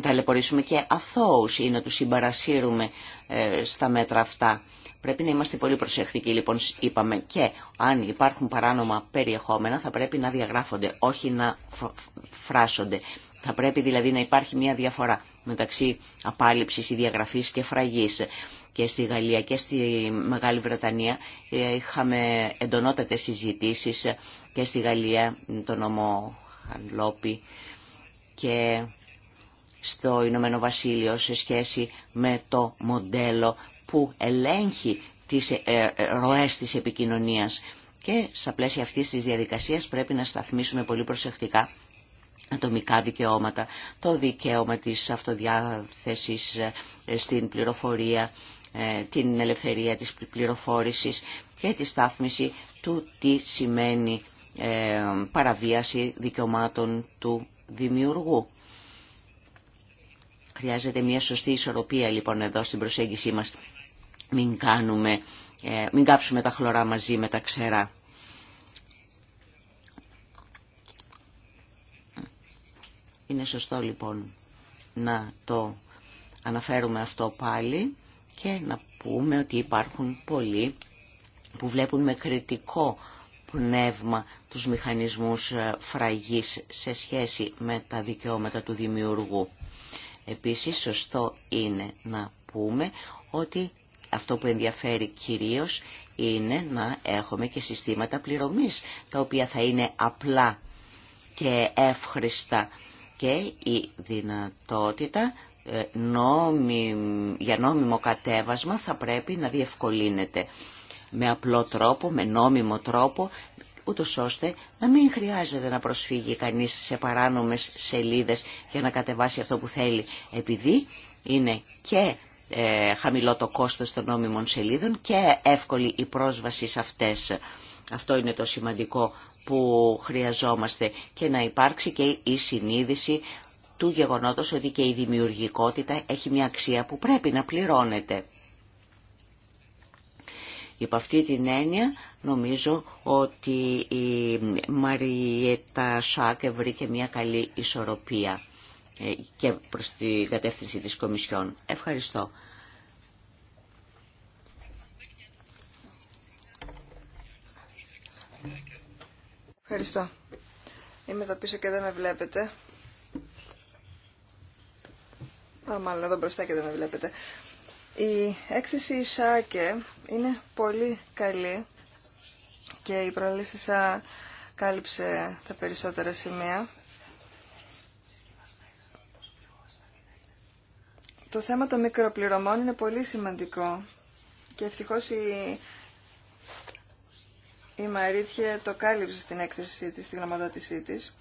ταλαιπωρήσουμε και αθώους ή να τους συμπαρασύρουμε ε, στα μέτρα αυτά. Πρέπει να είμαστε πολύ προσεκτικοί λοιπόν είπαμε και αν υπάρχουν παράνομα περιεχόμενα θα πρέπει να διαγράφονται, όχι να φράσονται. Θα πρέπει δηλαδή να υπάρχει μια διαφορά μεταξύ απάλληψης ή διαγραφής και φραγής. Και στη Γαλλία και στη Μεγάλη Βρετανία ε, είχαμε εντονότατες συζητήσεις ε, και στη Γαλλία τον νόμο και στο Ηνωμένο Βασίλειο σε σχέση με το μοντέλο που ελέγχει τις ε, ε, ροές της επικοινωνίας. Και στα πλαίσια αυτής της διαδικασίας πρέπει να σταθμίσουμε πολύ προσεκτικά ατομικά δικαιώματα, το δικαίωμα της αυτοδιάθεσης ε, στην πληροφορία, την ελευθερία της πληροφόρησης και τη στάθμιση του τι σημαίνει παραβίαση δικαιωμάτων του δημιουργού. Χρειάζεται μια σωστή ισορροπία λοιπόν εδώ στην προσέγγιση μας. Μην, κάνουμε, ε, μην κάψουμε τα χλωρά μαζί με τα ξερά. Είναι σωστό λοιπόν να το αναφέρουμε αυτό πάλι και να πούμε ότι υπάρχουν πολλοί που βλέπουν με κριτικό πνεύμα τους μηχανισμούς ε, φραγής σε σχέση με τα δικαιώματα του δημιουργού. Επίσης, σωστό είναι να πούμε ότι αυτό που ενδιαφέρει κυρίως είναι να έχουμε και συστήματα πληρωμής, τα οποία θα είναι απλά και εύχρηστα και η δυνατότητα ε, για νόμιμο κατέβασμα θα πρέπει να διευκολύνεται με απλό τρόπο, με νόμιμο τρόπο, ούτως ώστε να μην χρειάζεται να προσφύγει κανείς σε παράνομες σελίδες για να κατεβάσει αυτό που θέλει, επειδή είναι και ε, χαμηλό το κόστος των νόμιμων σελίδων και εύκολη η πρόσβαση σε αυτές. Αυτό είναι το σημαντικό που χρειαζόμαστε και να υπάρξει και η συνείδηση του γεγονότος ότι και η δημιουργικότητα έχει μια αξία που πρέπει να πληρώνεται. Υπ' αυτή την έννοια Νομίζω ότι η Μαριέτα Σάκε βρήκε μια καλή ισορροπία ε, και προς την κατεύθυνση της Κομισιόν. Ευχαριστώ. Ευχαριστώ. Είμαι εδώ πίσω και δεν με βλέπετε. Α, μάλλον εδώ μπροστά και δεν με βλέπετε. Η έκθεση Σάκε είναι πολύ καλή και η α κάλυψε τα περισσότερα σημεία. Το θέμα των μικροπληρωμών είναι πολύ σημαντικό και ευτυχώς η, η το κάλυψε στην έκθεση της, στην γνωμοδότησή της.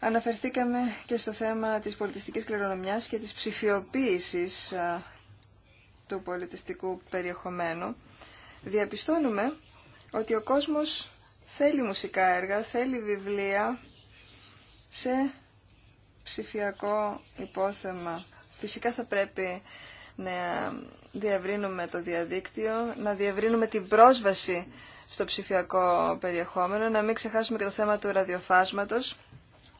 Αναφερθήκαμε και στο θέμα της πολιτιστικής κληρονομιάς και της ψηφιοποίησης του πολιτιστικού περιεχομένου. Διαπιστώνουμε ότι ο κόσμος θέλει μουσικά έργα, θέλει βιβλία σε ψηφιακό υπόθεμα. Φυσικά θα πρέπει να διευρύνουμε το διαδίκτυο, να διαβρύνουμε την πρόσβαση στο ψηφιακό περιεχόμενο, να μην ξεχάσουμε και το θέμα του ραδιοφάσματος.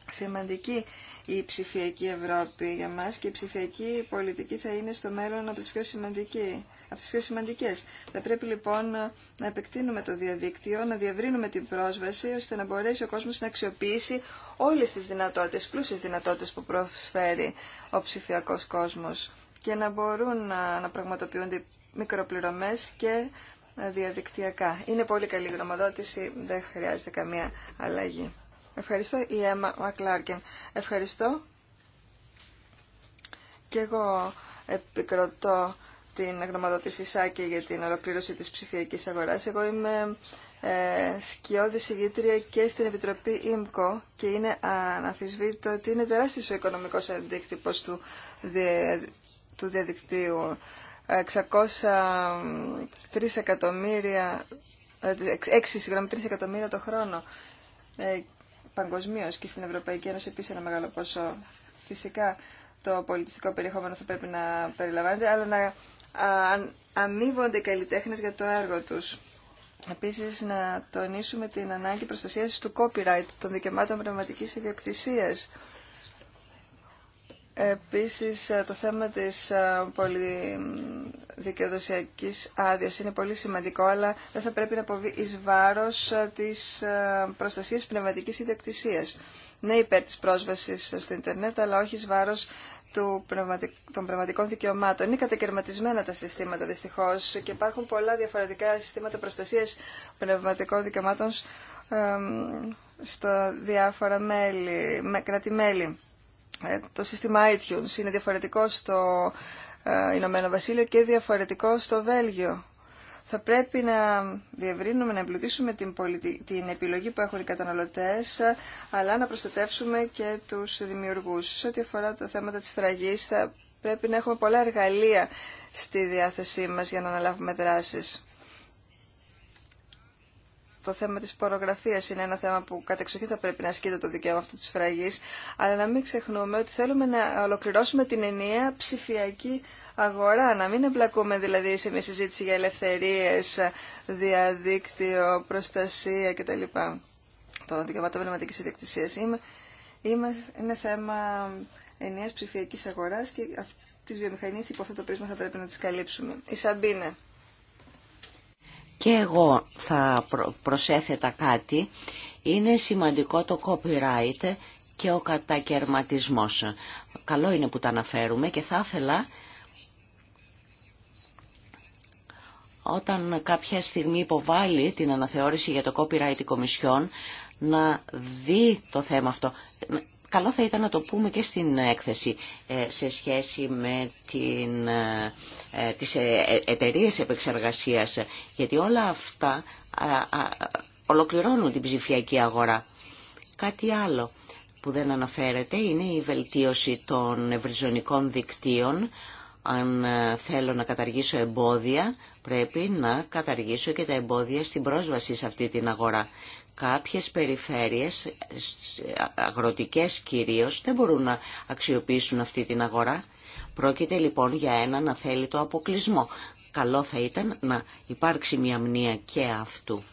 Σημαντική η ψηφιακή Ευρώπη για μας και η ψηφιακή πολιτική θα είναι στο μέλλον από τις πιο σημαντικές από τις πιο σημαντικές. Θα πρέπει λοιπόν να επεκτείνουμε το διαδίκτυο, να διευρύνουμε την πρόσβαση, ώστε να μπορέσει ο κόσμος να αξιοποιήσει όλες τις δυνατότητες, πλούσιες δυνατότητες που προσφέρει ο ψηφιακός κόσμος και να μπορούν να, να πραγματοποιούνται μικροπληρωμές και ε, διαδικτυακά. Είναι πολύ καλή γνωμοδότηση, δεν χρειάζεται καμία αλλαγή. Ευχαριστώ η Έμα Μακλάρκεν. Ευχαριστώ. Και εγώ επικροτώ την γνωμοδότηση ΣΑΚΕ για την ολοκλήρωση της ψηφιακής αγοράς. Εγώ είμαι ε, σκιώδη συγγήτρια και στην Επιτροπή ΙΜΚΟ και είναι αναφυσβήτητο ότι είναι τεράστιος ο οικονομικός αντίκτυπος του, διε, του διαδικτύου. 603 εκατομμύρια, 6, ε, συγγνώμη, 3 εκατομμύρια το χρόνο ε, παγκοσμίω και στην Ευρωπαϊκή Ένωση επίση ένα μεγάλο ποσό. Φυσικά το πολιτιστικό περιεχόμενο θα πρέπει να περιλαμβάνεται, αλλά να αμείβονται καλλιτέχνες για το έργο τους. Επίσης να τονίσουμε την ανάγκη προστασίας του copyright, των δικαιωμάτων πνευματικής ιδιοκτησίας. Επίσης το θέμα της πολυδικαιοδοσιακής άδεια είναι πολύ σημαντικό, αλλά δεν θα πρέπει να αποβεί εις βάρος της προστασίας πνευματικής ιδιοκτησίας. Ναι υπέρ της πρόσβασης στο ίντερνετ, αλλά όχι εις των πνευματικών δικαιωμάτων. Είναι κατακαιρματισμένα τα συστήματα δυστυχώς και υπάρχουν πολλά διαφορετικά συστήματα προστασίας πνευματικών δικαιωμάτων στα διάφορα μέλη, με, κράτη-μέλη. Ε, το σύστημα iTunes είναι διαφορετικό στο ε, Ηνωμένο Βασίλειο και διαφορετικό στο Βέλγιο θα πρέπει να διευρύνουμε, να εμπλουτίσουμε την, την επιλογή που έχουν οι καταναλωτές, αλλά να προστατεύσουμε και τους δημιουργούς. Σε ό,τι αφορά τα θέματα της φραγής, θα πρέπει να έχουμε πολλά εργαλεία στη διάθεσή μας για να αναλάβουμε δράσεις. Το θέμα της πορογραφίας είναι ένα θέμα που κατ' εξοχή θα πρέπει να ασκείται το δικαίωμα αυτό της φραγής, αλλά να μην ξεχνούμε ότι θέλουμε να ολοκληρώσουμε την ενιαία ψηφιακή αγορά, να μην εμπλακούμε δηλαδή σε μια συζήτηση για ελευθερίες, διαδίκτυο, προστασία κτλ. Το δικαιωμάτων πνευματικής ιδιοκτησίας. Είμαι, είμαι, είναι θέμα ενιαίας ψηφιακής αγοράς και αυτής της βιομηχανίας υπό αυτό το πρίσμα θα πρέπει να τις καλύψουμε. Η Σαμπίνε. Και εγώ θα προσέθετα κάτι. Είναι σημαντικό το copyright και ο κατακαιρματισμός. Καλό είναι που τα αναφέρουμε και θα ήθελα όταν κάποια στιγμή υποβάλει την αναθεώρηση για το copyright κομισιόν να δει το θέμα αυτό. Καλό θα ήταν να το πούμε και στην έκθεση ε, σε σχέση με την, ε, ε, τις εταιρείε επεξεργασίας, γιατί όλα αυτά ολοκληρώνουν την ψηφιακή αγορά. Κάτι άλλο που δεν αναφέρεται είναι η βελτίωση των ευρυζωνικών δικτύων, αν θέλω να καταργήσω εμπόδια, Πρέπει να καταργήσω και τα εμπόδια στην πρόσβαση σε αυτή την αγορά. Κάποιες περιφέρειες, αγροτικές κυρίως, δεν μπορούν να αξιοποιήσουν αυτή την αγορά. Πρόκειται λοιπόν για θέλει το αποκλεισμό. Καλό θα ήταν να υπάρξει μια μνήα και αυτού.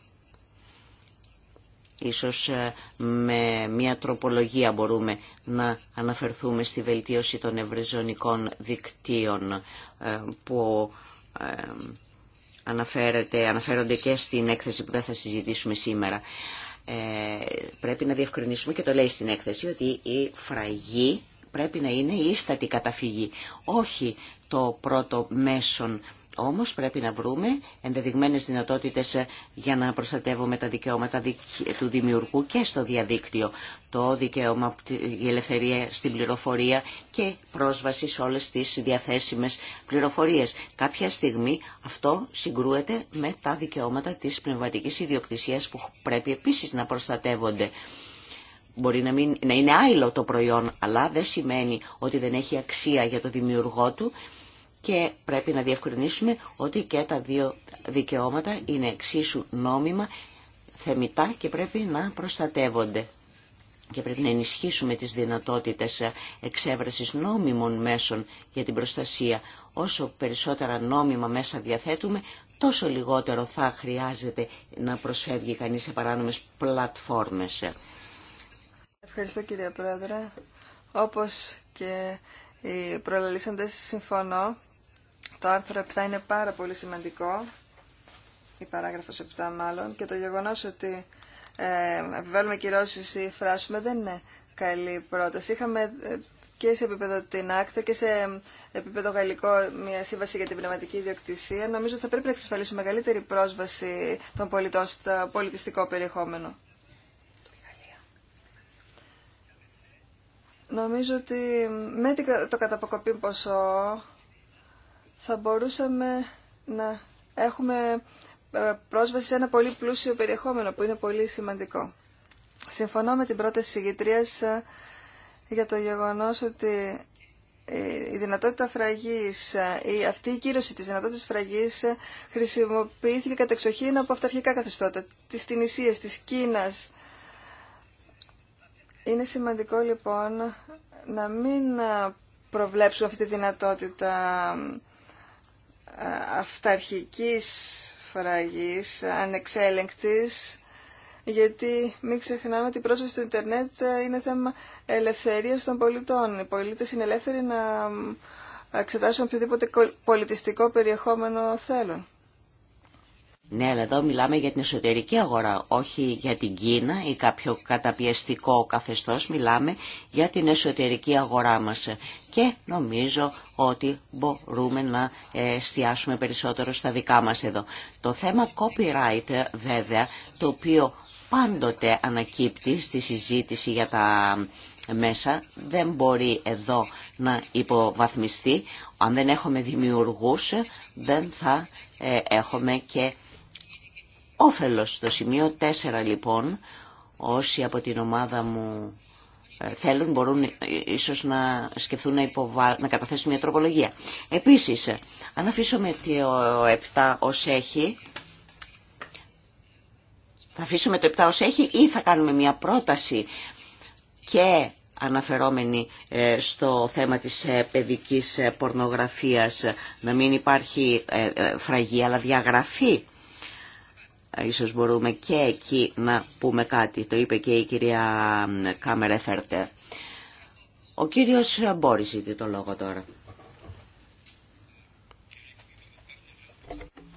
Ίσως ε, με μια τροπολογία μπορούμε να αναφερθούμε στη βελτίωση των ευρυζωνικών δικτύων ε, που ε, αναφέρεται, αναφέρονται και στην έκθεση που δεν θα συζητήσουμε σήμερα. Ε, πρέπει να διευκρινίσουμε και το λέει στην έκθεση ότι η φραγή πρέπει να είναι η ίστατη καταφυγή, όχι το πρώτο μέσον όμως πρέπει να βρούμε ενδεδειγμένες δυνατότητες ε, για να προστατεύουμε τα δικαιώματα του δημιουργού και στο διαδίκτυο. Το δικαίωμα, η ελευθερία στην πληροφορία και πρόσβαση σε όλες τις διαθέσιμες πληροφορίες. Κάποια στιγμή αυτό συγκρούεται με τα δικαιώματα της πνευματικής ιδιοκτησίας που πρέπει επίσης να προστατεύονται. Μπορεί να, να είναι άειλο το προϊόν, αλλά δεν σημαίνει ότι δεν έχει αξία για το δημιουργό του και πρέπει να διευκρινίσουμε ότι και τα δύο δικαιώματα είναι εξίσου νόμιμα, θεμητά και πρέπει να προστατεύονται. Και πρέπει να ενισχύσουμε τις δυνατότητες εξέβρασης νόμιμων μέσων για την προστασία. Όσο περισσότερα νόμιμα μέσα διαθέτουμε, τόσο λιγότερο θα χρειάζεται να προσφεύγει κανείς σε παράνομες πλατφόρμες. Ευχαριστώ κύριε Πρόεδρε. Όπως και οι προλαλήσαντες συμφωνώ το άρθρο 7 είναι πάρα πολύ σημαντικό, η παράγραφος 7 μάλλον, και το γεγονός ότι ε, επιβάλλουμε κυρώσεις ή φράσουμε δεν είναι καλή πρόταση. Είχαμε ε, και σε επίπεδο την άκτα και σε επίπεδο γαλλικό μια σύμβαση για την πνευματική ιδιοκτησία. Νομίζω ότι θα πρέπει να εξασφαλίσουμε μεγαλύτερη πρόσβαση των πολιτών στο πολιτιστικό περιεχόμενο. Νομίζω ότι με το καταποκοπή ποσό θα μπορούσαμε να έχουμε ε, πρόσβαση σε ένα πολύ πλούσιο περιεχόμενο που είναι πολύ σημαντικό. Συμφωνώ με την πρόταση της ε, για το γεγονός ότι ε, η δυνατότητα φραγής, η, αυτή η κύρωση της δυνατότητας φραγής χρησιμοποιήθηκε κατεξοχήν από αυταρχικά καθεστώτα, της Τινησίας, της Κίνας. Είναι σημαντικό λοιπόν να μην προβλέψουμε αυτή τη δυνατότητα αυταρχικής φραγής, ανεξέλεγκτης, γιατί μην ξεχνάμε ότι η πρόσβαση στο Ιντερνετ είναι θέμα ελευθερίας των πολιτών. Οι πολίτες είναι ελεύθεροι να εξετάσουν οποιοδήποτε πολιτιστικό περιεχόμενο θέλουν. Ναι, αλλά εδώ μιλάμε για την εσωτερική αγορά, όχι για την Κίνα ή κάποιο καταπιεστικό καθεστώς. Μιλάμε για την εσωτερική αγορά μας. Και νομίζω ότι μπορούμε να ε, εστιάσουμε περισσότερο στα δικά μας εδώ. Το θέμα copyright βέβαια, το οποίο πάντοτε ανακύπτει στη συζήτηση για τα μέσα, δεν μπορεί εδώ να υποβαθμιστεί. Αν δεν έχουμε δημιουργούς, δεν θα ε, έχουμε και όφελος. Στο σημείο 4 λοιπόν, όσοι από την ομάδα μου ε, θέλουν μπορούν ε, ίσως να σκεφτούν να, να καταθέσουν μια τροπολογία. Επίσης, ε, αν αφήσουμε το 7 ως έχει, θα αφήσουμε το 7 ως έχει ή θα κάνουμε μια πρόταση και αναφερόμενη στο θέμα της παιδικής πορνογραφίας να μην υπάρχει φραγή αλλά διαγραφή Ίσως μπορούμε και εκεί να πούμε κάτι. Το είπε και η κυρία Κάμερε Φέρτε. Ο κύριος Μπόρις ζητεί το λόγο τώρα.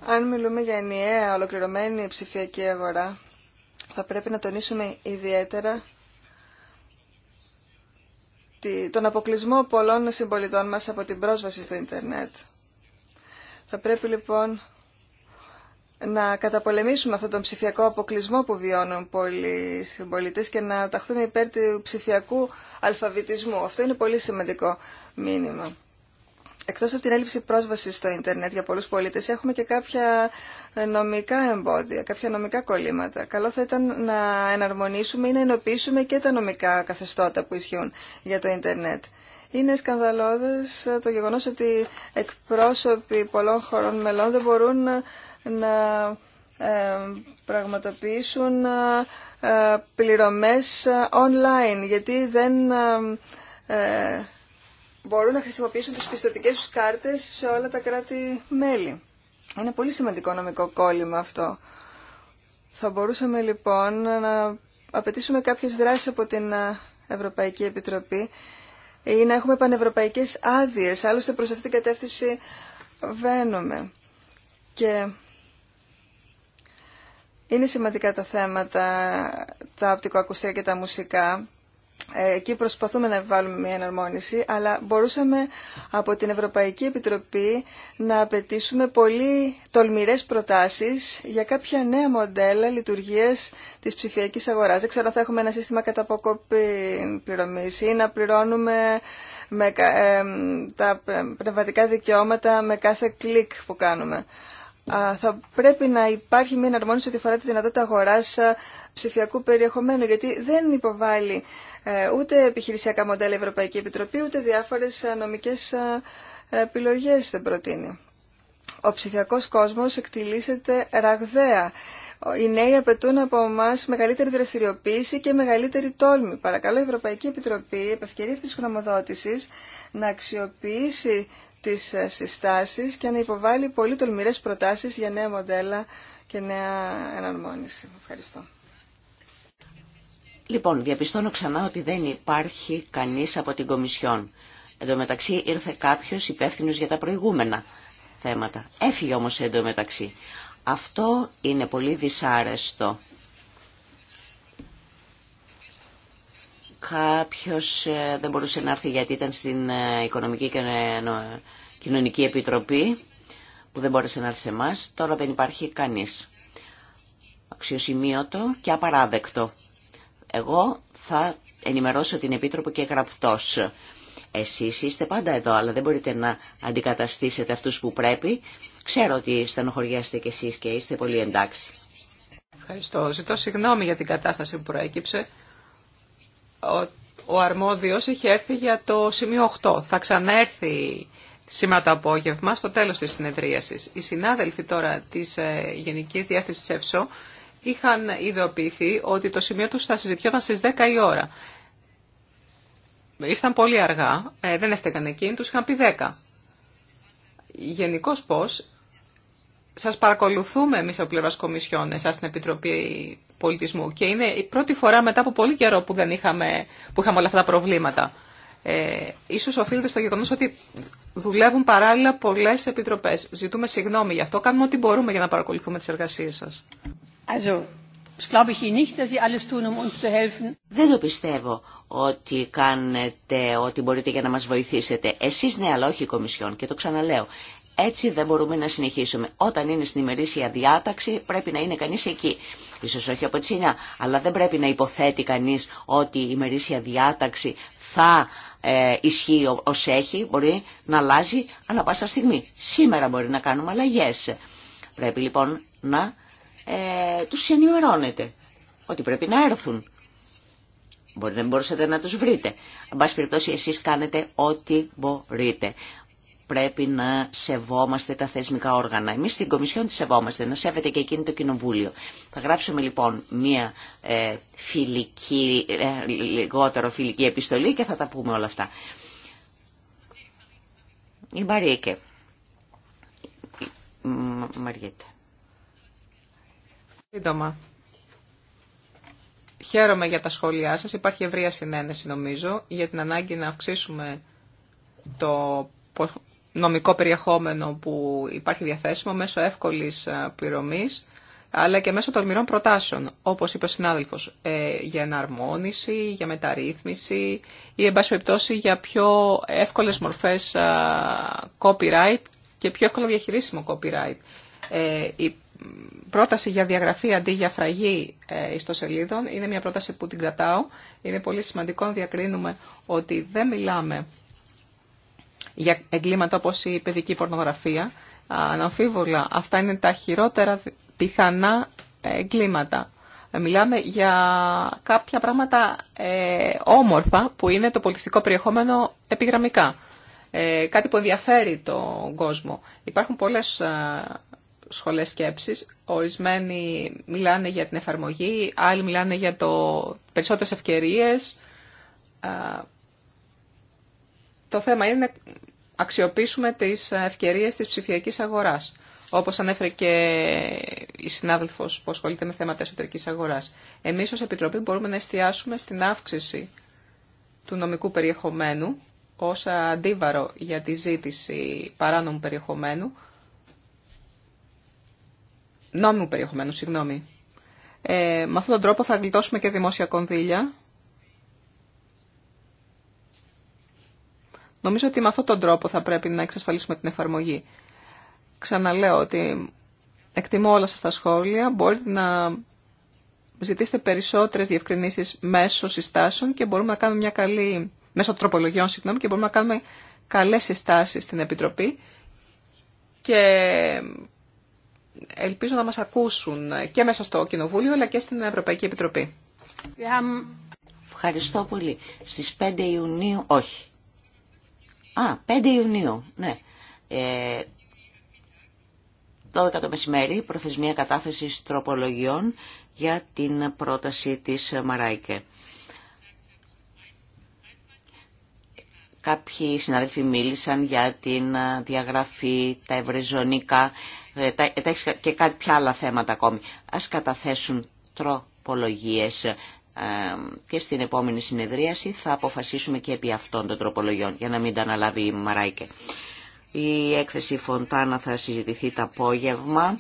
Αν μιλούμε για ενιαία ολοκληρωμένη ψηφιακή αγορά, θα πρέπει να τονίσουμε ιδιαίτερα τον αποκλεισμό πολλών συμπολιτών μας από την πρόσβαση στο ίντερνετ. Θα πρέπει λοιπόν να καταπολεμήσουμε αυτόν τον ψηφιακό αποκλεισμό που βιώνουν πολλοί συμπολίτε και να ταχθούμε υπέρ του ψηφιακού αλφαβητισμού. Αυτό είναι πολύ σημαντικό μήνυμα. Εκτός από την έλλειψη πρόσβασης στο ίντερνετ για πολλούς πολίτες, έχουμε και κάποια νομικά εμπόδια, κάποια νομικά κολλήματα. Καλό θα ήταν να εναρμονίσουμε ή να ενοποιήσουμε και τα νομικά καθεστώτα που ισχύουν για το ίντερνετ. Είναι σκανδαλώδες το γεγονός ότι εκπρόσωποι πολλών χωρών μελών δεν μπορούν να ε, πραγματοποιήσουν ε, ε, πληρωμές online, γιατί δεν μπορούν να χρησιμοποιήσουν τις πιστοτικές τους κάρτες σε όλα τα κράτη-μέλη. Είναι πολύ σημαντικό νομικό κόλλημα αυτό. Θα μπορούσαμε λοιπόν να απαιτήσουμε κάποιες δράσεις από την Ευρωπαϊκή Επιτροπή ή να έχουμε πανευρωπαϊκές άδειες. Άλλωστε προς αυτήν την κατεύθυνση βαίνουμε. Και είναι σημαντικά τα θέματα, τα οπτικοακουστικά και τα μουσικά. Ε, εκεί προσπαθούμε να βάλουμε μια εναρμόνιση, αλλά μπορούσαμε από την Ευρωπαϊκή Επιτροπή να απαιτήσουμε πολύ τολμηρές προτάσεις για κάποια νέα μοντέλα λειτουργίας της ψηφιακής αγοράς. Δεν ξέρω αν θα έχουμε ένα σύστημα αποκόπη πληρωμής ή να πληρώνουμε με, ε, τα πνευματικά δικαιώματα με κάθε κλικ που κάνουμε θα πρέπει να υπάρχει μια εναρμόνιση ότι αφορά τη δυνατότητα αγορά ψηφιακού περιεχομένου, γιατί δεν υποβάλλει ε, ούτε επιχειρησιακά μοντέλα η Ευρωπαϊκή Επιτροπή, ούτε διάφορε νομικέ επιλογέ δεν προτείνει. Ο ψηφιακό κόσμο εκτιλήσεται ραγδαία. Οι νέοι απαιτούν από εμά μεγαλύτερη δραστηριοποίηση και μεγαλύτερη τόλμη. Παρακαλώ η Ευρωπαϊκή Επιτροπή, επευκαιρία αυτή τη να αξιοποιήσει τις ε, συστάσεις και να υποβάλει πολύ τολμηρές προτάσεις για νέα μοντέλα και νέα εναρμόνιση. Ευχαριστώ. Λοιπόν, διαπιστώνω ξανά ότι δεν υπάρχει κανείς από την Κομισιόν. Εν τω μεταξύ ήρθε κάποιος υπεύθυνο για τα προηγούμενα θέματα. Έφυγε όμως εν τω μεταξύ. Αυτό είναι πολύ δυσάρεστο. Κάποιος ε, δεν μπορούσε να έρθει γιατί ήταν στην ε, Οικονομική και Κοινωνική Επιτροπή που δεν μπόρεσε να έρθει σε εμάς. Τώρα δεν υπάρχει κανείς. Αξιοσημείωτο και απαράδεκτο. Εγώ θα ενημερώσω την Επίτροπο και γραπτός. Εσείς είστε πάντα εδώ, αλλά δεν μπορείτε να αντικαταστήσετε αυτούς που πρέπει. Ξέρω ότι στενοχωριέστε κι εσείς και είστε πολύ εντάξει. Ευχαριστώ. Ζητώ συγγνώμη για την κατάσταση που προέκυψε ο αρμόδιος είχε έρθει για το σημείο 8. Θα ξαναέρθει σήμερα το απόγευμα στο τέλος της συνεδρίασης. Οι συνάδελφοι τώρα της ε, Γενικής Διάθεσης ΕΦΣΟ είχαν ειδοποιηθεί ότι το σημείο τους θα συζητιόταν στις 10 η ώρα. Ήρθαν πολύ αργά, ε, δεν έφταγαν εκείνοι, τους είχαν πει 10. Γενικώ πώς σας παρακολουθούμε εμείς από πλευράς Κομισιόν, εσάς στην Επιτροπή Πολιτισμού και είναι η πρώτη φορά μετά από πολύ καιρό που, δεν είχαμε, που είχαμε όλα αυτά τα προβλήματα. Ε, ίσως οφείλεται στο γεγονός ότι δουλεύουν παράλληλα πολλές επιτροπές. Ζητούμε συγγνώμη γι' αυτό, κάνουμε ό,τι μπορούμε για να παρακολουθούμε τις εργασίες σας. Also, Δεν το πιστεύω ότι κάνετε ό,τι μπορείτε για να μας βοηθήσετε. Εσείς ναι, αλλά όχι η Κομισιόν και το ξαναλέω. Έτσι δεν μπορούμε να συνεχίσουμε. Όταν είναι στην ημερήσια διάταξη πρέπει να είναι κανείς εκεί. Ίσως όχι από τις 9, αλλά δεν πρέπει να υποθέτει κανείς ότι η ημερήσια διάταξη θα ε, ισχύει ως έχει, μπορεί να αλλάζει ανά πάσα στιγμή. Σήμερα μπορεί να κάνουμε αλλαγές. Πρέπει λοιπόν να ε, τους ενημερώνετε ότι πρέπει να έρθουν. Μπορεί να μην μπορούσατε να τους βρείτε. Εν πάση περιπτώσει εσείς κάνετε ό,τι μπορείτε πρέπει να σεβόμαστε τα θεσμικά όργανα. Εμείς στην Κομισιόν τη σεβόμαστε, να σέβεται και εκείνη το Κοινοβούλιο. Θα γράψουμε λοιπόν μία ε, φιλική, ε, λιγότερο φιλική επιστολή και θα τα πούμε όλα αυτά. Η Μαρίκε. Μαριέτα. Σύντομα. Χαίρομαι για τα σχόλιά σας. Υπάρχει ευρεία συνένεση νομίζω για την ανάγκη να αυξήσουμε το νομικό περιεχόμενο που υπάρχει διαθέσιμο μέσω εύκολης ε, πληρωμής αλλά και μέσω τολμηρών προτάσεων, όπως είπε ο συνάδελφος, ε, για εναρμόνιση, για μεταρρύθμιση ή, εν πάση για πιο εύκολες μορφές ε, copyright και πιο εύκολο διαχειρίσιμο copyright. η πρόταση για διαγραφή αντί για φραγή ιστοσελίδων είναι μια πρόταση που την κρατάω. Είναι πολύ σημαντικό να διακρίνουμε ότι δεν μιλάμε για εγκλήματα όπως η παιδική πορνογραφία. Αναμφίβολα, αυτά είναι τα χειρότερα πιθανά εγκλήματα. Μιλάμε για κάποια πράγματα ε, όμορφα που είναι το πολιτιστικό περιεχόμενο επιγραμμικά. Ε, κάτι που ενδιαφέρει τον κόσμο. Υπάρχουν πολλές σχολές σκέψης. Ορισμένοι μιλάνε για την εφαρμογή, άλλοι μιλάνε για το περισσότερες ευκαιρίες. Το θέμα είναι αξιοποιήσουμε τις ευκαιρίες της ψηφιακής αγοράς, όπως ανέφερε και η συνάδελφος που ασχολείται με θέματα εσωτερικής αγοράς. Εμείς ως Επιτροπή μπορούμε να εστιάσουμε στην αύξηση του νομικού περιεχομένου ως αντίβαρο για τη ζήτηση παράνομου περιεχομένου, νόμιμου περιεχομένου, συγγνώμη. Ε, με αυτόν τον τρόπο θα γλιτώσουμε και δημόσια κονδύλια Νομίζω ότι με αυτόν τον τρόπο θα πρέπει να εξασφαλίσουμε την εφαρμογή. Ξαναλέω ότι εκτιμώ όλα σας τα σχόλια. Μπορείτε να ζητήσετε περισσότερες διευκρινήσεις μέσω συστάσεων και μπορούμε να κάνουμε μια καλή... μέσω τροπολογιών, και μπορούμε να κάνουμε καλές συστάσεις στην Επιτροπή και ελπίζω να μας ακούσουν και μέσα στο Κοινοβούλιο αλλά και στην Ευρωπαϊκή Επιτροπή. Ευχαριστώ πολύ. Στις 5 Ιουνίου, όχι, Α, 5 Ιουνίου, ναι. Ε, 12 το μεσημέρι, προθεσμία κατάθεσης τροπολογιών για την πρόταση της Μαράικε. Κάποιοι συναδελφοί μίλησαν για την διαγραφή, τα ευρεζονικά ε, ε, και κάποια άλλα θέματα ακόμη. Ας καταθέσουν τροπολογίες και στην επόμενη συνεδρίαση θα αποφασίσουμε και επί αυτών των τροπολογιών για να μην τα αναλάβει η Μαράικε. Η έκθεση Φοντάνα θα συζητηθεί το απόγευμα.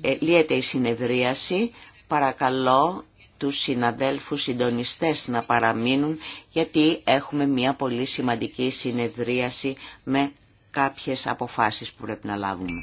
Ε, λύεται η συνεδρίαση. Παρακαλώ τους συναδέλφους συντονιστές να παραμείνουν γιατί έχουμε μια πολύ σημαντική συνεδρίαση με κάποιες αποφάσεις που πρέπει να λάβουμε.